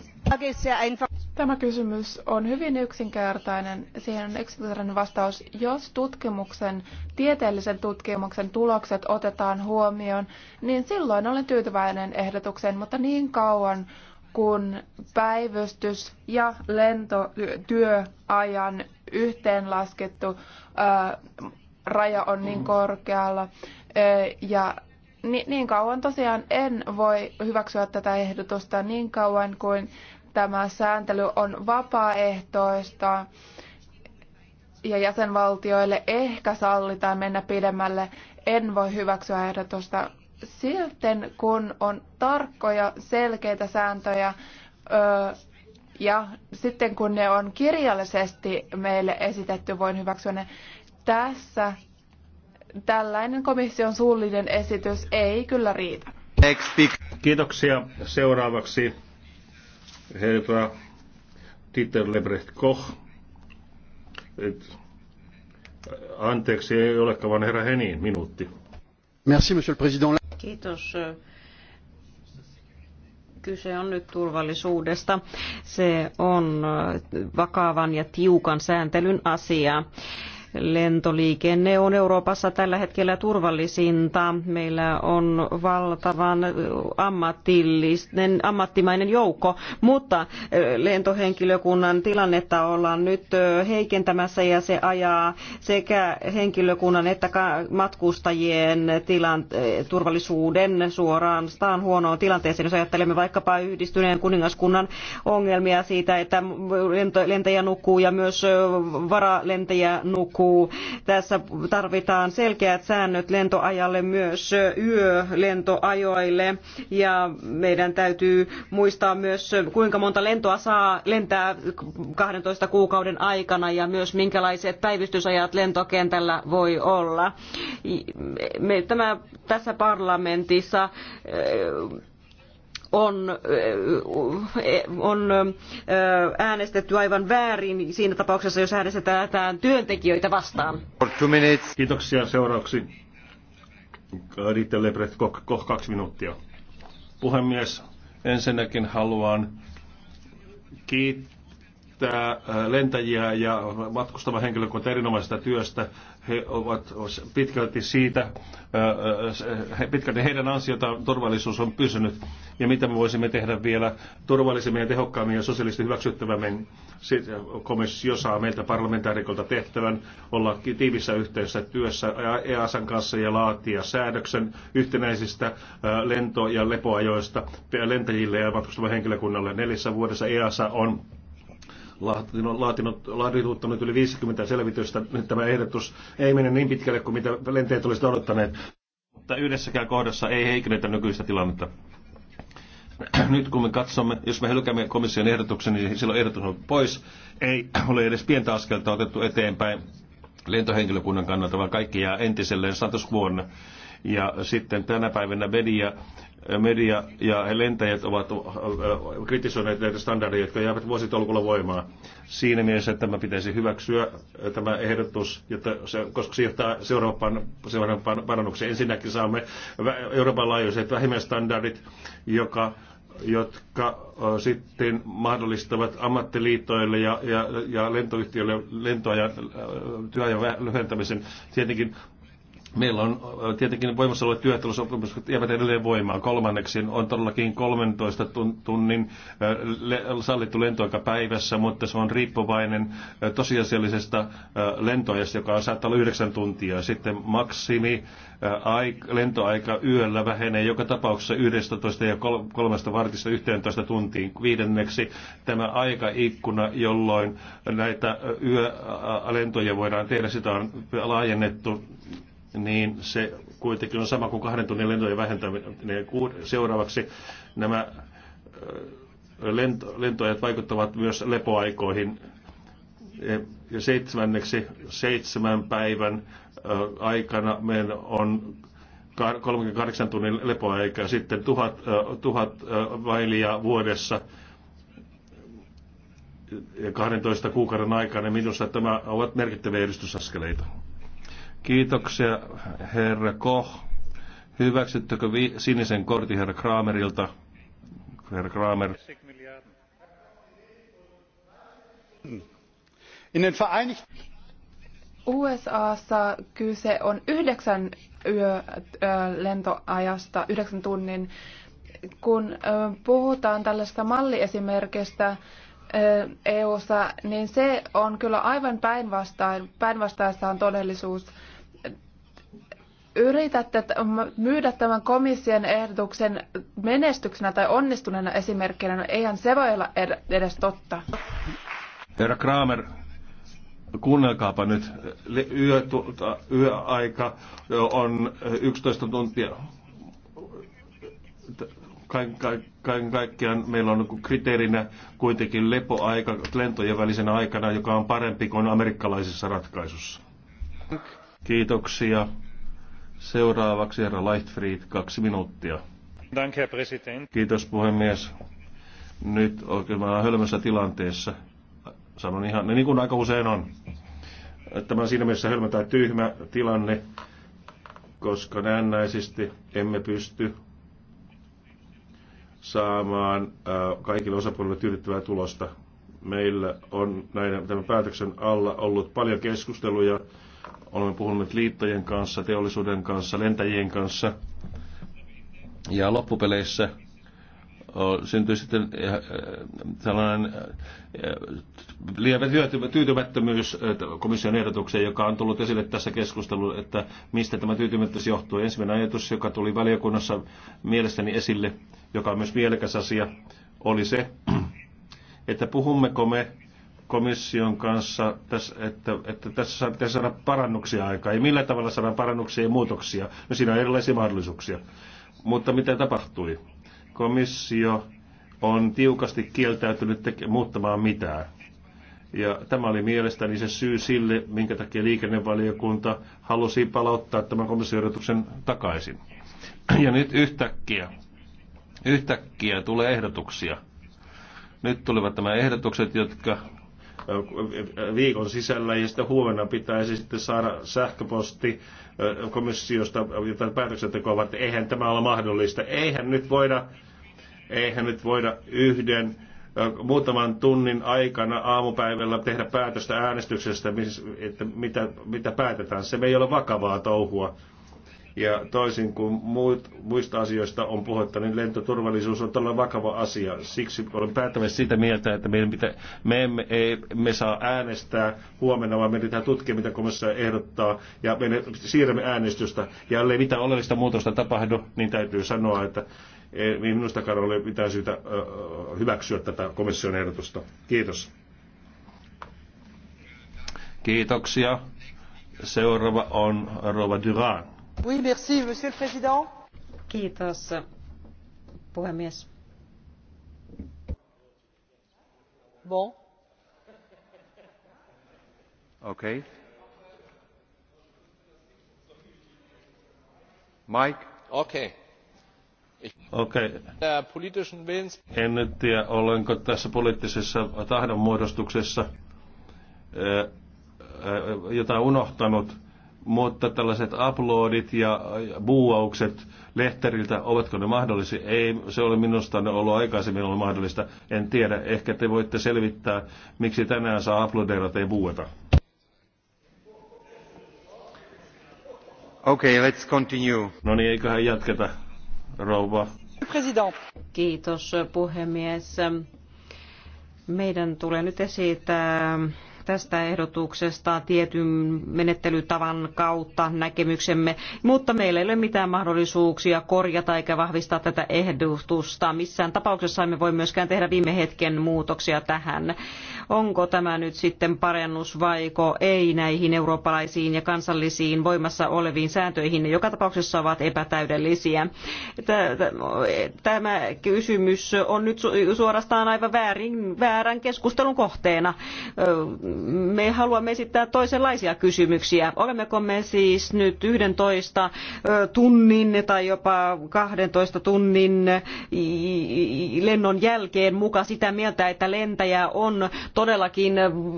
Tämä kysymys on hyvin yksinkertainen. Siihen on yksinkertainen vastaus. Jos tutkimuksen, tieteellisen tutkimuksen tulokset otetaan huomioon, niin silloin olen tyytyväinen ehdotukseen, mutta niin kauan kun päivystys ja lentotyöajan yhteenlaskettu ää, raja on niin mm. korkealla ää, ja niin kauan tosiaan en voi hyväksyä tätä ehdotusta niin kauan kuin tämä sääntely on vapaaehtoista ja jäsenvaltioille ehkä sallitaan mennä pidemmälle. En voi hyväksyä ehdotusta. Silti kun on tarkkoja, selkeitä sääntöjä öö, ja sitten kun ne on kirjallisesti meille esitetty, voin hyväksyä ne. Tässä tällainen komission suullinen esitys ei kyllä riitä. Kiitoksia. Seuraavaksi herra Dieter Lebrecht Koch, et, anteeksi ei olekaan vaan herra Henin, minuutti. Merci, monsieur le président. Kiitos. Kyse on nyt turvallisuudesta. Se on vakavan ja tiukan sääntelyn asia Lentoliikenne on Euroopassa tällä hetkellä turvallisinta. Meillä on valtavan ammattillinen, ammattimainen joukko, mutta lentohenkilökunnan tilannetta ollaan nyt heikentämässä ja se ajaa sekä henkilökunnan että matkustajien tilan, turvallisuuden suoraan staan huonoon tilanteeseen. Jos ajattelemme vaikkapa yhdistyneen kuningaskunnan ongelmia siitä, että lentäjä nukkuu ja myös varalentäjä nukkuu, jatkuu. Tässä tarvitaan selkeät säännöt lentoajalle myös yölentoajoille ja meidän täytyy muistaa myös kuinka monta lentoa saa lentää 12 kuukauden aikana ja myös minkälaiset päivystysajat lentokentällä voi olla. Me, tämä, tässä parlamentissa on, eh, on eh, äänestetty aivan väärin siinä tapauksessa, jos äänestetään työntekijöitä vastaan. Kiitoksia seuraavaksi. Riitte Lebret, kaksi minuuttia. Puhemies, ensinnäkin haluan kiittää eh, lentäjiä ja matkustava henkilökunta erinomaisesta työstä he ovat pitkälti siitä, pitkälti heidän ansiotaan turvallisuus on pysynyt ja mitä me voisimme tehdä vielä turvallisemmin ja tehokkaammin ja sosiaalisesti hyväksyttävämmin. Sitten komissio saa meiltä parlamentaarikolta tehtävän olla tiivissä yhteydessä työssä EASan e kanssa ja laatia säädöksen yhtenäisistä lento- ja lepoajoista lentäjille ja matkustavan henkilökunnalle. Neljässä vuodessa EASA on laadituttanut yli 50 selvitystä. Nyt tämä ehdotus ei mene niin pitkälle kuin mitä lenteet olisivat odottaneet, mutta yhdessäkään kohdassa ei heikennetä nykyistä tilannetta. Nyt kun me katsomme, jos me hylkäämme komission ehdotuksen, niin silloin ehdotus on pois. Ei ole edes pientä askelta otettu eteenpäin lentohenkilökunnan kannalta, vaan kaikki jää entiselleen status vuonna. Ja sitten tänä päivänä media, media ja lentäjät ovat kritisoineet näitä standardeja, jotka jäävät vuositolkulla voimaan. Siinä mielessä että tämä pitäisi hyväksyä, tämä ehdotus, jotta se, koska se johtaa seuraavan, seuraavan parannuksen. Ensinnäkin saamme Euroopan laajuiset vähimmäistandardit, joka jotka sitten mahdollistavat ammattiliitoille ja, ja, ja lentoyhtiöille lentoajan työajan lyhentämisen. Tietenkin Meillä on äh, tietenkin voimassa olevat työehtosopimukset jäävät edelleen voimaan. Kolmanneksi on todellakin 13 tunnin äh, sallittu lentoaika päivässä, mutta se on riippuvainen äh, tosiasiallisesta lentoajasta, joka on saattaa olla 9 tuntia. Sitten maksimi lentoaika yöllä vähenee joka tapauksessa 11 ja 3 vartista 11 tuntiin. Viidenneksi tämä aikaikkuna, jolloin näitä yölentoja voidaan tehdä, sitä on laajennettu niin se kuitenkin on sama kuin kahden tunnin lentojen vähentäminen. Seuraavaksi nämä lento, lentoajat vaikuttavat myös lepoaikoihin. Ja seitsemänneksi seitsemän päivän aikana meillä on 38 tunnin lepoaika ja sitten tuhat, tuhat vailia vuodessa 12 kuukauden aikana. Minusta tämä ovat merkittäviä edistysaskeleita. Kiitoksia, herra Koch. Hyväksyttekö sinisen kortin herra Kramerilta? Herra Kramer. USAssa kyse on yhdeksän yö, lentoajasta, yhdeksän tunnin. Kun puhutaan tällaista malliesimerkistä, EUssa, niin se on kyllä aivan päinvastain, päinvastaista on todellisuus. Yritätte myydä tämän komission ehdotuksen menestyksenä tai onnistuneena esimerkkinä, no eihän se voi olla edes totta. Herra Kramer, kuunnelkaapa nyt. Yö, tuota, yöaika on 11 tuntia kaiken, kaiken kaikkiaan meillä on niinku kriteerinä kuitenkin lepoaika lentojen välisenä aikana, joka on parempi kuin amerikkalaisessa ratkaisussa. Kiitoksia. Seuraavaksi herra Lightfried, kaksi minuuttia. herr Kiitos puhemies. Nyt oikein me hölmössä tilanteessa. Sanon ihan, niin kuin aika usein on. Tämä on siinä mielessä hölmö tai tyhmä tilanne, koska näennäisesti emme pysty saamaan kaikille osapuolille tyydyttävää tulosta. Meillä on näiden, tämän päätöksen alla ollut paljon keskusteluja. Olemme puhuneet liittojen kanssa, teollisuuden kanssa, lentäjien kanssa. Ja loppupeleissä syntyi sitten eh, eh, tällainen eh, lievä tyytymättömyys komission ehdotukseen, joka on tullut esille tässä keskustelussa, että mistä tämä tyytymättömyys johtuu. Ensimmäinen ajatus, joka tuli valiokunnassa mielestäni esille, joka on myös mielekäs asia, oli se, että puhummeko me komission kanssa, että, että tässä pitäisi saada parannuksia aikaa. Ei millä tavalla saada parannuksia ja muutoksia. No siinä on erilaisia mahdollisuuksia. Mutta mitä tapahtui? Komissio on tiukasti kieltäytynyt muuttamaan mitään. Ja tämä oli mielestäni se syy sille, minkä takia liikennevaliokunta halusi palauttaa tämän komissioehdotuksen takaisin. Ja nyt yhtäkkiä, yhtäkkiä tulee ehdotuksia. Nyt tulivat nämä ehdotukset, jotka viikon sisällä ja sitten huomenna pitäisi sitten saada sähköposti komissiosta jotain päätöksentekoa varten. Eihän tämä ole mahdollista. Eihän nyt voida, eihän nyt voida yhden muutaman tunnin aikana aamupäivällä tehdä päätöstä äänestyksestä, että mitä, mitä päätetään. Se ei ole vakavaa touhua. Ja toisin kuin muut, muista asioista on puhetta, niin lentoturvallisuus on todella vakava asia. Siksi olen päättämässä sitä mieltä, että meidän pitä, me emme ei, me saa äänestää huomenna, vaan meidän pitää tutkia, mitä komissio ehdottaa, ja me siirrämme äänestystä. Ja ellei mitään oleellista muutosta tapahdu, niin täytyy sanoa, että ei minustakaan ole mitään syytä hyväksyä tätä komission ehdotusta. Kiitos. Kiitoksia. Seuraava on Rova Duran arvoisa Kiitos, puhemies. Bon. Okay. Mike. Okay. Okay. En nyt tiedä, olenko tässä poliittisessa tahdonmuodostuksessa eh, eh, jotain unohtanut mutta tällaiset uploadit ja buuaukset lehteriltä, ovatko ne mahdollisia? Ei, se oli minusta ne ollut aikaisemmin ollut mahdollista. En tiedä, ehkä te voitte selvittää, miksi tänään saa uploadeilla tai buueta. Okei, okay, let's continue. No niin, eiköhän jatketa, rouva. President. Kiitos, puhemies. Meidän tulee nyt esittää tästä ehdotuksesta tietyn menettelytavan kautta näkemyksemme, mutta meillä ei ole mitään mahdollisuuksia korjata eikä vahvistaa tätä ehdotusta. Missään tapauksessa emme voi myöskään tehdä viime hetken muutoksia tähän. Onko tämä nyt sitten parannus vaiko ei näihin eurooppalaisiin ja kansallisiin voimassa oleviin sääntöihin? Ne joka tapauksessa ovat epätäydellisiä. Tämä kysymys on nyt suorastaan aivan väärin, väärän keskustelun kohteena me haluamme esittää toisenlaisia kysymyksiä. Olemmeko me siis nyt 11 tunnin tai jopa 12 tunnin lennon jälkeen muka sitä mieltä, että lentäjä on todellakin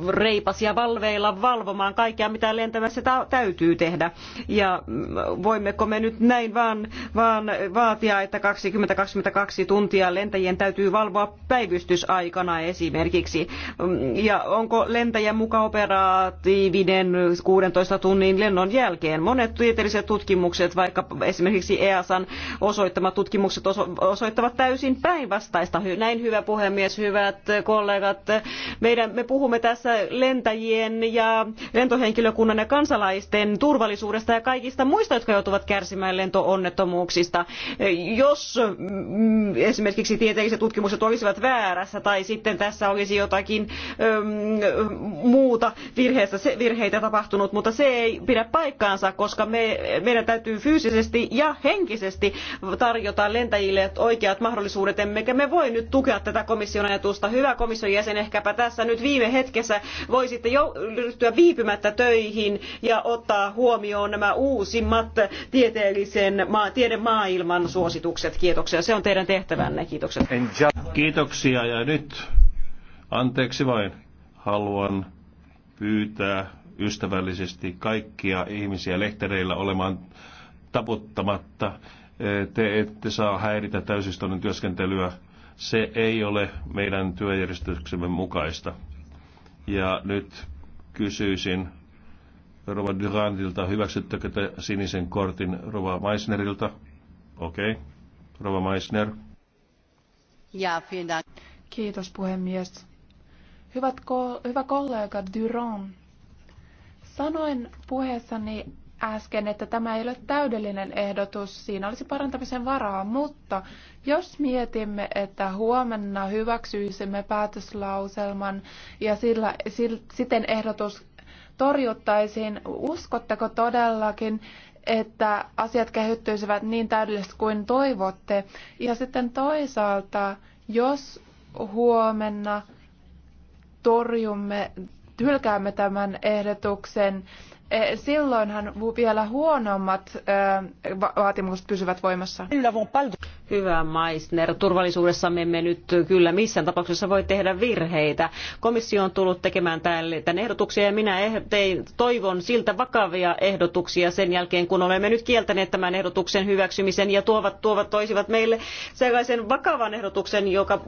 reipas ja valveilla valvomaan kaikkea, mitä lentämässä täytyy tehdä. Ja mm, voimmeko me nyt näin vaan, vaan vaatia, että 20-22 tuntia lentäjien täytyy valvoa päivystysaikana esimerkiksi. Mm, ja onko lentäjä ja muka operatiivinen 16 tunnin lennon jälkeen. Monet tieteelliset tutkimukset, vaikka esimerkiksi EASan osoittamat tutkimukset osoittavat täysin päinvastaista. Näin hyvä puhemies, hyvät kollegat. Meidän, me puhumme tässä lentäjien ja lentohenkilökunnan ja kansalaisten turvallisuudesta ja kaikista muista, jotka joutuvat kärsimään lentoonnettomuuksista. Jos mm, esimerkiksi tieteelliset tutkimukset olisivat väärässä tai sitten tässä olisi jotakin mm, muuta virheessä se, virheitä tapahtunut, mutta se ei pidä paikkaansa, koska me, meidän täytyy fyysisesti ja henkisesti tarjota lentäjille oikeat mahdollisuudet, emmekä me voi nyt tukea tätä komission ajatusta. Hyvä komission jäsen, ehkäpä tässä nyt viime hetkessä voisitte jo ryhtyä viipymättä töihin ja ottaa huomioon nämä uusimmat tieteellisen tiedemaailman suositukset. Kiitoksia. Se on teidän tehtävänne. Kiitokset. Kiitoksia ja nyt anteeksi vain haluan pyytää ystävällisesti kaikkia ihmisiä lehtereillä olemaan taputtamatta. Te ette saa häiritä täysistunnon työskentelyä. Se ei ole meidän työjärjestyksemme mukaista. Ja nyt kysyisin Rova Durantilta, hyväksyttekö te sinisen kortin Rova Meissnerilta? Okei. Okay. Rova Meissner. Ja, Kiitos puhemies. Hyvät ko- hyvä kollega Duron, sanoin puheessani äsken, että tämä ei ole täydellinen ehdotus, siinä olisi parantamisen varaa, mutta jos mietimme, että huomenna hyväksyisimme päätöslauselman ja sillä, sillä, siten ehdotus torjuttaisiin, uskotteko todellakin, että asiat kehittyisivät niin täydellisesti kuin toivotte? Ja sitten toisaalta, jos huomenna torjumme, hylkäämme tämän ehdotuksen, e, silloinhan vielä huonommat e, vaatimukset pysyvät voimassa. Hyvä Maisner, me emme nyt kyllä missään tapauksessa voi tehdä virheitä. Komissio on tullut tekemään tämän ehdotuksia ja minä eh- tein, toivon siltä vakavia ehdotuksia sen jälkeen, kun olemme nyt kieltäneet tämän ehdotuksen hyväksymisen ja tuovat, tuovat toisivat meille sellaisen vakavan ehdotuksen, joka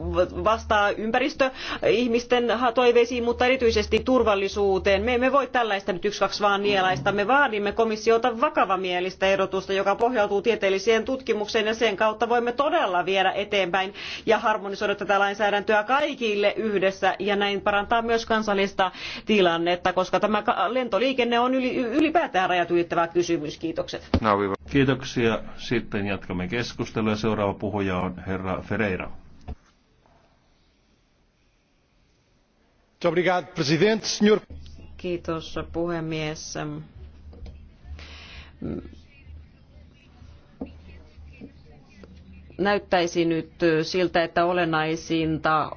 vastaa ympäristöihmisten toiveisiin, mutta erityisesti turvallisuuteen. Me emme voi tällaista nyt yksi kaksi vaan nielaista. Me vaadimme komissiota vakavamielistä ehdotusta, joka pohjautuu tieteelliseen tutkimukseen ja sen kautta voimme voimme todella viedä eteenpäin ja harmonisoida tätä lainsäädäntöä kaikille yhdessä ja näin parantaa myös kansallista tilannetta, koska tämä lentoliikenne on ylipäätään rajat ylittävä kysymys. Kiitokset. No, Kiitoksia. Sitten jatkamme keskustelua. Seuraava puhuja on herra Ferreira. Kiitos puhemies näyttäisi nyt siltä, että olennaisinta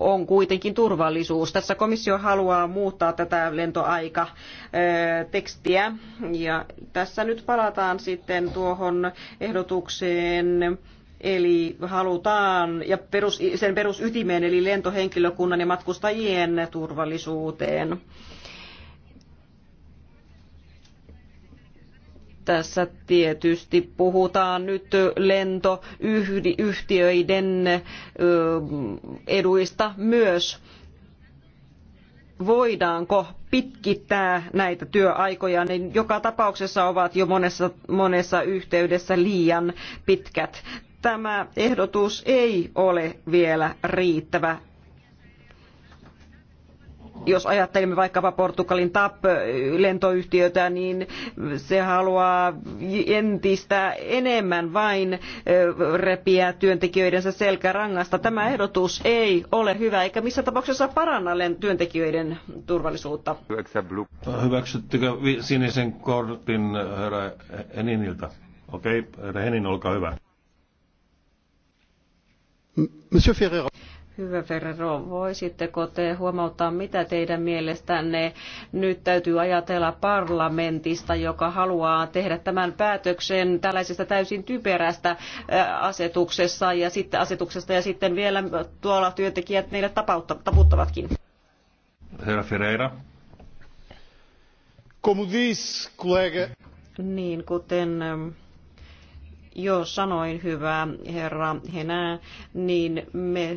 on kuitenkin turvallisuus. Tässä komissio haluaa muuttaa tätä lentoaikatekstiä. Ja tässä nyt palataan sitten tuohon ehdotukseen Eli halutaan ja perus, sen perusytimeen eli lentohenkilökunnan ja matkustajien turvallisuuteen. Tässä tietysti puhutaan nyt lentoyhtiöiden eduista myös voidaanko pitkittää näitä työaikoja, niin joka tapauksessa ovat jo monessa, monessa yhteydessä liian pitkät. Tämä ehdotus ei ole vielä riittävä jos ajattelemme vaikkapa Portugalin TAP-lentoyhtiötä, niin se haluaa entistä enemmän vain repiä työntekijöidensä selkärangasta. Tämä ehdotus ei ole hyvä eikä missä tapauksessa paranna työntekijöiden turvallisuutta. Hyväksyttekö sinisen kortin herra Heniniltä? Okei, herra Henin, olkaa hyvä. Monsieur Ferreira. Hyvä Ferrero, voisitteko te huomauttaa, mitä teidän mielestänne nyt täytyy ajatella parlamentista, joka haluaa tehdä tämän päätöksen tällaisesta täysin typerästä äh, asetuksessa ja sitten asetuksesta ja sitten vielä tuolla työntekijät meille taputtavatkin? Herra Ferreira. Como disse, colega, Niin, kuten ähm, jo sanoin, hyvä herra Henää, niin me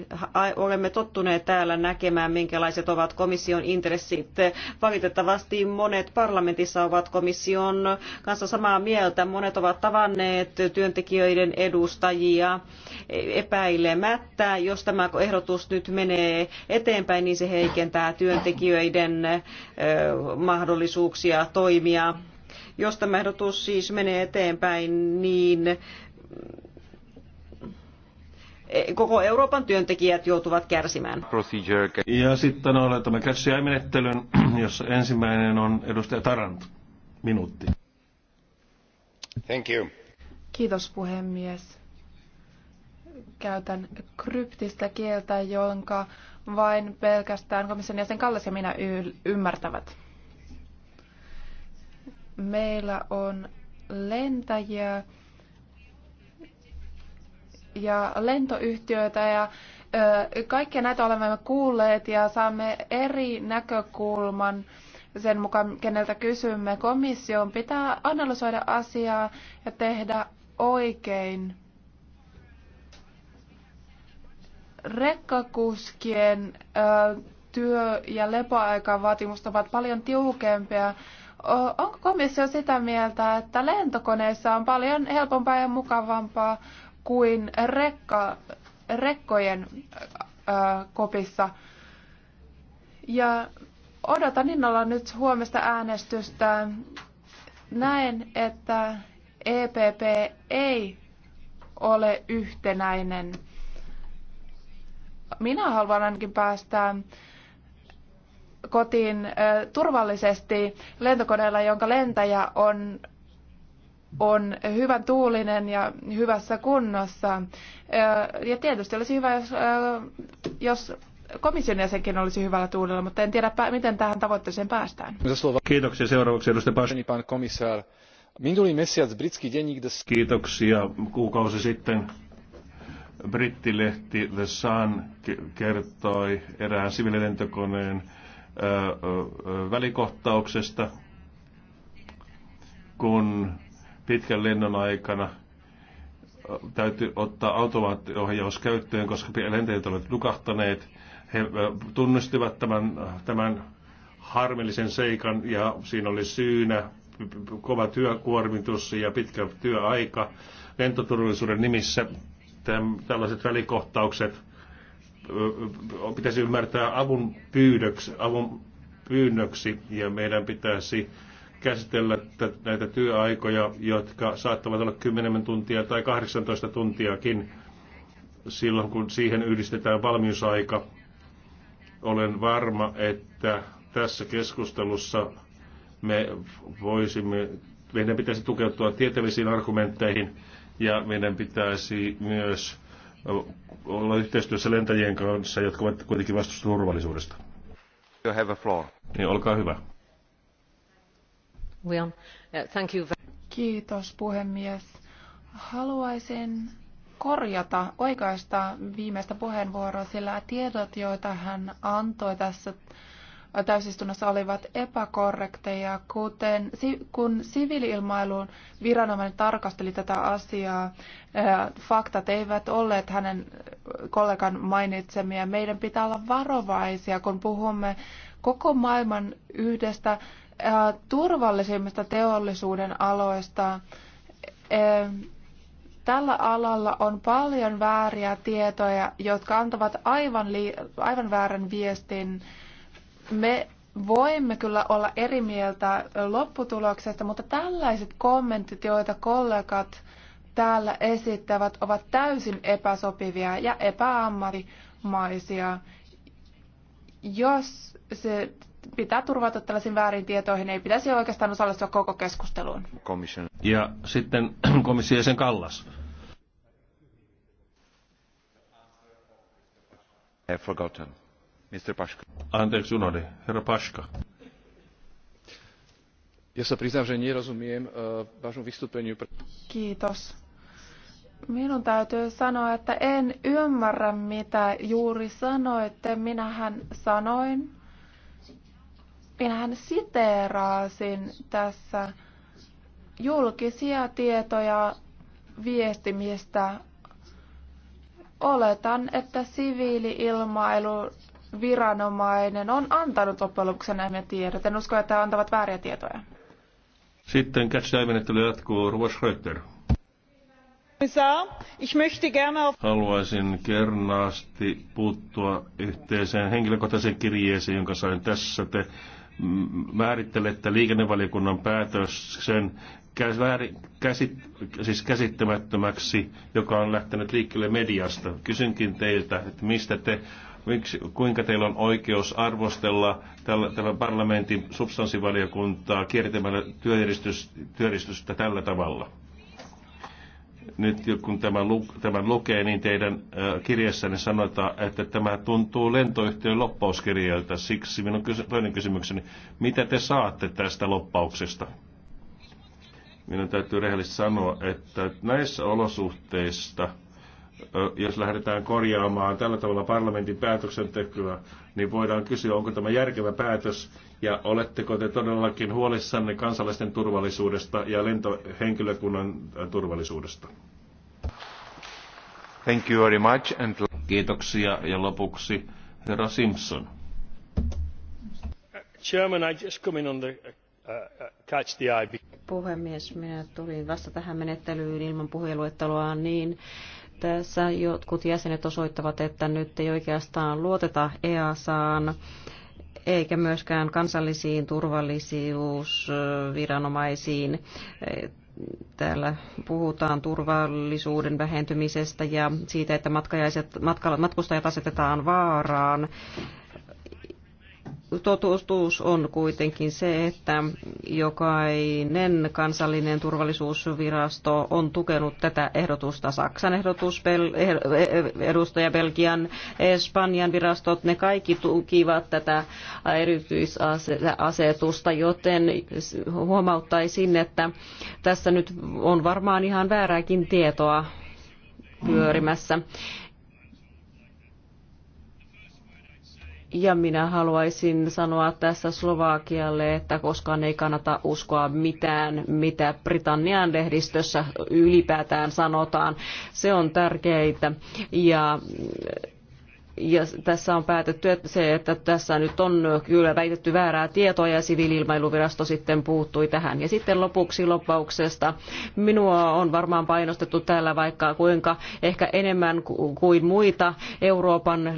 olemme tottuneet täällä näkemään, minkälaiset ovat komission intressit. Valitettavasti monet parlamentissa ovat komission kanssa samaa mieltä. Monet ovat tavanneet työntekijöiden edustajia epäilemättä. Jos tämä ehdotus nyt menee eteenpäin, niin se heikentää työntekijöiden mahdollisuuksia toimia jos tämä ehdotus siis menee eteenpäin, niin eh, koko Euroopan työntekijät joutuvat kärsimään. Ja sitten aloitamme kärsijäimenettelyn, jossa ensimmäinen on edustaja Tarant. Minuutti. Thank you. Kiitos puhemies. Käytän kryptistä kieltä, jonka vain pelkästään komission jäsen Kallas ja minä ymmärtävät meillä on lentäjiä ja lentoyhtiöitä ja kaikkia näitä olemme kuulleet ja saamme eri näkökulman sen mukaan, keneltä kysymme. Komission pitää analysoida asiaa ja tehdä oikein. Rekkakuskien työ- ja lepoaikavaatimukset ovat paljon tiukempia onko komissio sitä mieltä, että lentokoneissa on paljon helpompaa ja mukavampaa kuin rekka, rekkojen ää, kopissa? Ja odotan innolla nyt huomista äänestystä. Näen, että EPP ei ole yhtenäinen. Minä haluan ainakin päästä kotiin turvallisesti lentokoneella, jonka lentäjä on on hyvän tuulinen ja hyvässä kunnossa. Ja tietysti olisi hyvä, jos, jos komission jäsenkin olisi hyvällä tuulella, mutta en tiedä, miten tähän tavoitteeseen päästään. Kiitoksia. Seuraavaksi edustaja Pasch. Kiitoksia. Kuukausi sitten brittilehti The Sun kertoi erään sivililentokoneen välikohtauksesta, kun pitkän lennon aikana täytyy ottaa automaattiohjaus käyttöön, koska lentäjät olivat nukahtaneet. He tunnistivat tämän, tämän harmillisen seikan ja siinä oli syynä kova työkuormitus ja pitkä työaika lentoturvallisuuden nimissä. Täm, tällaiset välikohtaukset pitäisi ymmärtää avun, pyydöksi, avun pyynnöksi ja meidän pitäisi käsitellä näitä työaikoja, jotka saattavat olla 10 tuntia tai 18 tuntiakin silloin, kun siihen yhdistetään valmiusaika. Olen varma, että tässä keskustelussa me voisimme, meidän pitäisi tukeutua tieteellisiin argumentteihin ja meidän pitäisi myös olla yhteistyössä lentäjien kanssa, jotka ovat kuitenkin vastuussa turvallisuudesta. You have a floor. Niin, olkaa hyvä. We uh, Thank you. Kiitos puhemies. Haluaisin korjata, oikaista viimeistä puheenvuoroa, sillä tiedot, joita hän antoi tässä täysistunnossa olivat epäkorrekteja, kuten kun siviiliilmailuun viranomainen tarkasteli tätä asiaa, faktat eivät olleet hänen kollegan mainitsemia. Meidän pitää olla varovaisia, kun puhumme koko maailman yhdestä turvallisimmista teollisuuden aloista. Tällä alalla on paljon vääriä tietoja, jotka antavat aivan, aivan väärän viestin me voimme kyllä olla eri mieltä lopputuloksesta, mutta tällaiset kommentit, joita kollegat täällä esittävät, ovat täysin epäsopivia ja epäammarimaisia. Jos se pitää turvata tällaisiin väärin tietoihin, ei pitäisi oikeastaan osallistua koko keskusteluun. Komission. Ja sitten [CLEARS THROAT] komission sen Kallas. I have forgotten. Mr. Paška. Anteeksi, unohdin. Herra Paška. Ja sa priznám, že nerozumiem uh, eh, vašom vystúpeniu. Kiitos. Minun täytyy sanoa, että en ymmärrä, mitä juuri sanoitte. Minähän sanoin, minähän siteeraasin tässä julkisia tietoja viestimistä. Oletan, että siviiliilmailu viranomainen on antanut loppujen lopuksi nämä tiedot. En usko, että he antavat vääriä tietoja. Sitten käsittelymenettely jatkuu. Ruva Schröter. Haluaisin kernaasti puuttua yhteiseen henkilökohtaiseen kirjeeseen, jonka sain tässä. Te määrittelette liikennevaliokunnan päätöksen sen siis käsittämättömäksi, joka on lähtenyt liikkeelle mediasta. Kysynkin teiltä, että mistä te miksi, kuinka teillä on oikeus arvostella tällä, tällä parlamentin substanssivaliokuntaa kiertämällä työjärjestystä tällä tavalla? Nyt kun tämän, lu, tämän lukee, niin teidän äh, kirjassanne sanotaan, että tämä tuntuu lentoyhtiön loppauskirjailta. Siksi minun kysy, toinen kysymykseni, mitä te saatte tästä loppauksesta? Minun täytyy rehellisesti sanoa, että näissä olosuhteissa – jos lähdetään korjaamaan tällä tavalla parlamentin päätöksentekoa, niin voidaan kysyä, onko tämä järkevä päätös ja oletteko te todellakin huolissanne kansalaisten turvallisuudesta ja lentohenkilökunnan turvallisuudesta? Thank you very much. And... Kiitoksia ja lopuksi herra Simpson. Uh, Chairman, I just come in on the uh, uh, catch the eye. Puhemies, minä tulin vasta tähän menettelyyn ilman puheluetteloa niin tässä jotkut jäsenet osoittavat, että nyt ei oikeastaan luoteta EASAan eikä myöskään kansallisiin turvallisuusviranomaisiin. Täällä puhutaan turvallisuuden vähentymisestä ja siitä, että matkajaiset, matkustajat asetetaan vaaraan totuus on kuitenkin se, että jokainen kansallinen turvallisuusvirasto on tukenut tätä ehdotusta. Saksan ehdotus, Bel, eh, eh, edustaja Belgian, Espanjan virastot, ne kaikki tukivat tätä erityisasetusta, joten huomauttaisin, että tässä nyt on varmaan ihan väärääkin tietoa pyörimässä. Mm Ja minä haluaisin sanoa tässä Slovakialle, että koskaan ei kannata uskoa mitään, mitä Britannian lehdistössä ylipäätään sanotaan. Se on tärkeää. Ja ja tässä on päätetty että se, että tässä nyt on kyllä väitetty väärää tietoa ja siviili-ilmailuvirasto sitten puuttui tähän. Ja sitten lopuksi loppauksesta. Minua on varmaan painostettu täällä vaikka kuinka ehkä enemmän kuin muita Euroopan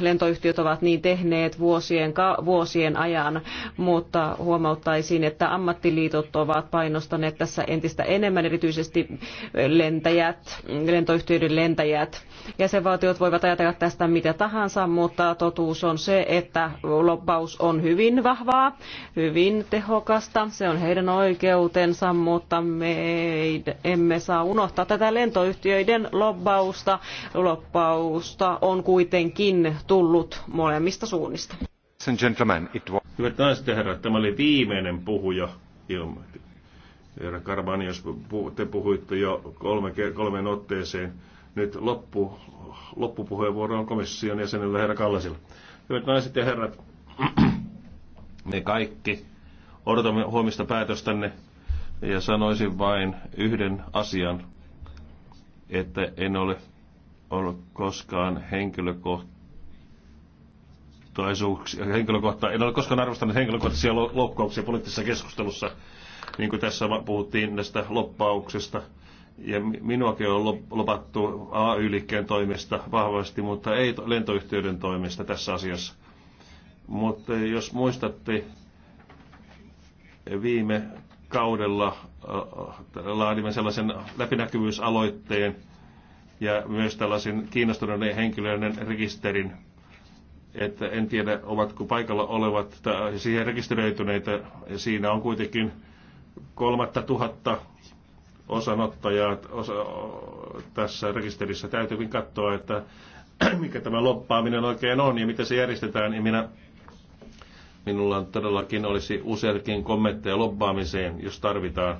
lentoyhtiöt ovat niin tehneet vuosien, vuosien ajan, mutta huomauttaisin, että ammattiliitot ovat painostaneet tässä entistä enemmän, erityisesti lentäjät, lentoyhtiöiden lentäjät. Jäsenvaltiot voivat ajatella tästä mitä mitä tahansa, mutta totuus on se, että lobbaus on hyvin vahvaa, hyvin tehokasta. Se on heidän oikeutensa, mutta me emme saa unohtaa tätä lentoyhtiöiden lobbausta. Lobbausta on kuitenkin tullut molemmista suunnista. Hyvät naiset ja herrat, tämä oli viimeinen puhuja ilmoitti. Herra Karvani, jos te puhuitte jo kolme, kolmeen otteeseen, nyt loppu, loppupuheenvuoro on komission jäsenellä herra Kallasilla. Hyvät naiset ja herrat, [CLEARS THROAT] me kaikki odotamme huomista päätöstänne ja sanoisin vain yhden asian, että en ole ollut koskaan henkilökohtaisuuksia, henkilökohta, en ole koskaan arvostanut henkilökohtaisia loukkauksia poliittisessa keskustelussa, niin kuin tässä puhuttiin näistä loppauksesta ja minuakin on lopattu AY-liikkeen toimesta vahvasti, mutta ei lentoyhtiöiden toimesta tässä asiassa. Mutta jos muistatte, viime kaudella äh, laadimme sellaisen läpinäkyvyysaloitteen ja myös tällaisen kiinnostuneiden henkilöiden rekisterin, että en tiedä, ovatko paikalla olevat tai siihen rekisteröityneitä. Siinä on kuitenkin kolmatta tuhatta osanottajaa osa, tässä rekisterissä. Täytyykin katsoa, että [CLEARS THROAT] mikä tämä loppaaminen oikein on ja miten se järjestetään. Ja minä, minulla on todellakin olisi useakin kommentteja loppaamiseen, jos tarvitaan.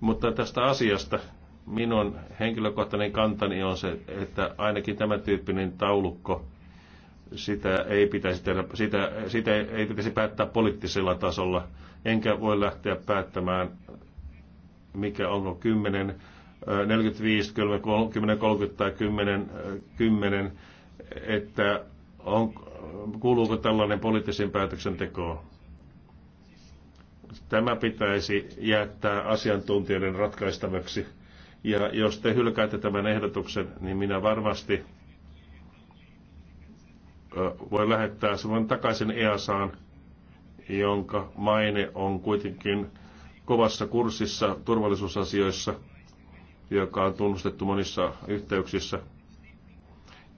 Mutta tästä asiasta minun henkilökohtainen kantani on se, että ainakin tämä tyyppinen taulukko, sitä ei pitäisi, tehdä, sitä, sitä ei pitäisi päättää poliittisella tasolla, enkä voi lähteä päättämään mikä onko 10, 45, 10, 30 tai 10, 10 että on, kuuluuko tällainen poliittiseen päätöksentekoon. Tämä pitäisi jättää asiantuntijoiden ratkaistavaksi. Ja jos te hylkäätte tämän ehdotuksen, niin minä varmasti voi lähettää sen takaisin EASAan, jonka maine on kuitenkin kovassa kurssissa turvallisuusasioissa, joka on tunnustettu monissa yhteyksissä.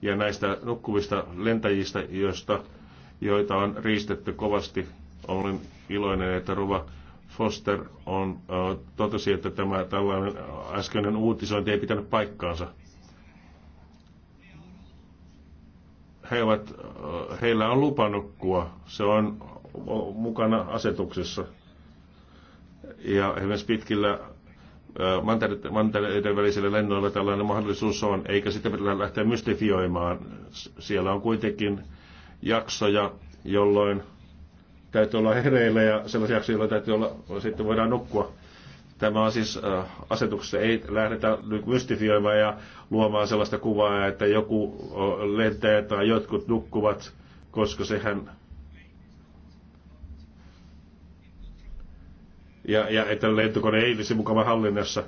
Ja näistä nukkuvista lentäjistä, joista, joita on riistetty kovasti, olen iloinen, että Ruva Foster on, äh, totesi, että tämä tällainen äskeinen uutisointi ei pitänyt paikkaansa. He ovat, äh, heillä on lupa nukkua. Se on mukana asetuksessa. Ja esimerkiksi pitkillä mantereiden välisillä lennoilla tällainen mahdollisuus on, eikä sitä pitää lähteä mystifioimaan. Siellä on kuitenkin jaksoja, jolloin täytyy olla hereillä ja sellaisia jaksoja, joilla täytyy olla, sitten voidaan nukkua. Tämä on siis äh, asetuksessa, ei lähdetä mystifioimaan ja luomaan sellaista kuvaa, että joku lentää tai jotkut nukkuvat, koska sehän ja, ja että lentokone ei olisi mukava hallinnassa.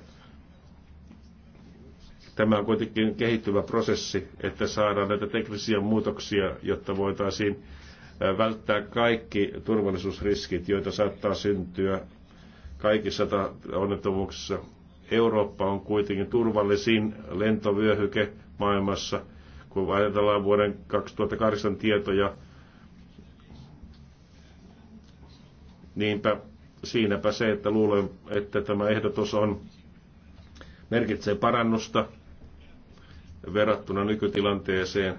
Tämä on kuitenkin kehittyvä prosessi, että saadaan näitä teknisiä muutoksia, jotta voitaisiin välttää kaikki turvallisuusriskit, joita saattaa syntyä kaikissa onnettomuuksissa. Eurooppa on kuitenkin turvallisin lentovyöhyke maailmassa, kun ajatellaan vuoden 2008 tietoja. Niinpä siinäpä se, että luulen, että tämä ehdotus on, merkitsee parannusta verrattuna nykytilanteeseen,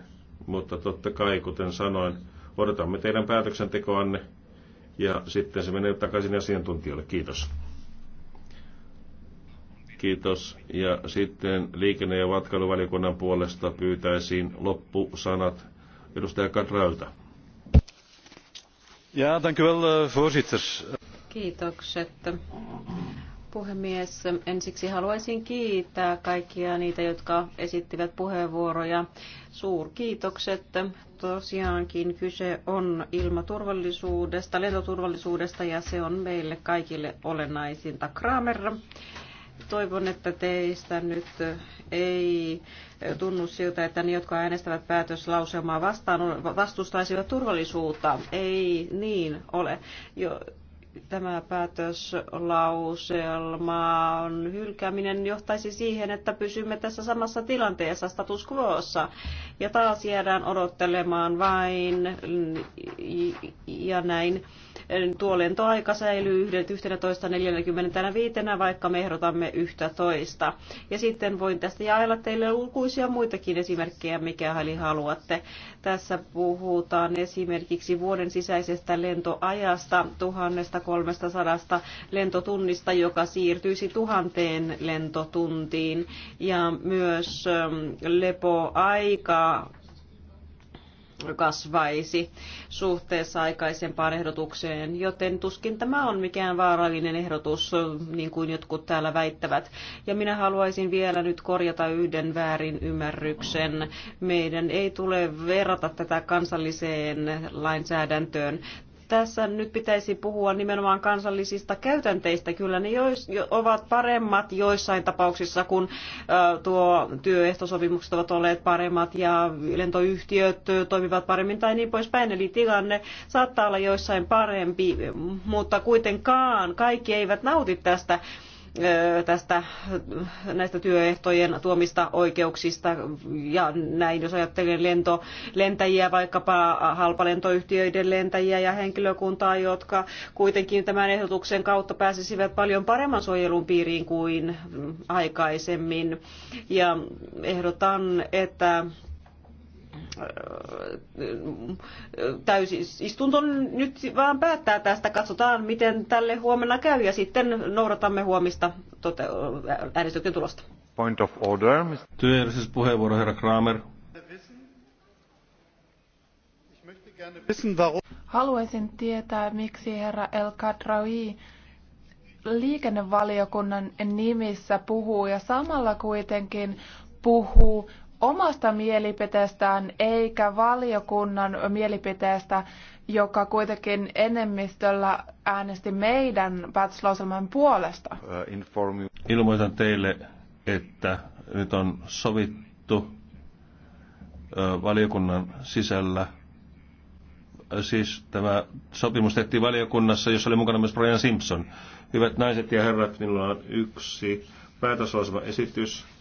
mutta totta kai, kuten sanoin, odotamme teidän päätöksentekoanne ja sitten se menee takaisin asiantuntijoille. Kiitos. Kiitos. Ja sitten liikenne- ja vatkailuvaliokunnan puolesta pyytäisiin loppusanat edustaja Katrailta. Ja, dank u wel, eh, voorzitter. Kiitokset. Puhemies, ensiksi haluaisin kiittää kaikkia niitä, jotka esittivät puheenvuoroja. Suurkiitokset. Tosiaankin kyse on ilmaturvallisuudesta, lentoturvallisuudesta ja se on meille kaikille olennaisinta. Kramer toivon, että teistä nyt ei tunnu siltä, että ne, jotka äänestävät päätöslauselmaa vastaan, vastustaisivat turvallisuutta. Ei niin ole. Jo, tämä päätöslauselma on hylkääminen johtaisi siihen, että pysymme tässä samassa tilanteessa status quoossa ja taas jäädään odottelemaan vain ja näin tuo lentoaika säilyy 11.45, vaikka me ehdotamme 11. Ja sitten voin tästä jaella teille lukuisia muitakin esimerkkejä, mikä eli haluatte. Tässä puhutaan esimerkiksi vuoden sisäisestä lentoajasta 1300 lentotunnista, joka siirtyisi tuhanteen lentotuntiin. Ja myös ähm, lepoaika kasvaisi suhteessa aikaisempaan ehdotukseen, joten tuskin tämä on mikään vaarallinen ehdotus, niin kuin jotkut täällä väittävät. Ja minä haluaisin vielä nyt korjata yhden väärin ymmärryksen. Meidän ei tule verrata tätä kansalliseen lainsäädäntöön tässä nyt pitäisi puhua nimenomaan kansallisista käytänteistä. Kyllä ne jois, jo, ovat paremmat joissain tapauksissa, kun ö, tuo työehtosopimukset ovat olleet paremmat ja lentoyhtiöt toimivat paremmin tai niin poispäin. Eli tilanne saattaa olla joissain parempi, mutta kuitenkaan kaikki eivät nauti tästä tästä näistä työehtojen tuomista oikeuksista ja näin jos ajattelen lento, lentäjiä, vaikkapa halpalentoyhtiöiden lentäjiä ja henkilökuntaa, jotka kuitenkin tämän ehdotuksen kautta pääsisivät paljon paremman suojelun piiriin kuin aikaisemmin. Ja ehdotan, että täysistunto nyt vaan päättää tästä. Katsotaan, miten tälle huomenna käy ja sitten noudatamme huomista tote- äänestyksen tulosta. Point of order. puheenvuoro, herra Kramer. Haluaisin tietää, miksi herra El Kadraoui liikennevaliokunnan nimissä puhuu ja samalla kuitenkin puhuu omasta mielipiteestään eikä valiokunnan mielipiteestä, joka kuitenkin enemmistöllä äänesti meidän päätöslauselman puolesta. Uh, Ilmoitan teille, että nyt on sovittu valiokunnan sisällä siis tämä sopimus tehtiin valiokunnassa, jossa oli mukana myös Brian Simpson. Hyvät naiset ja herrat, minulla on yksi päätösosva esitys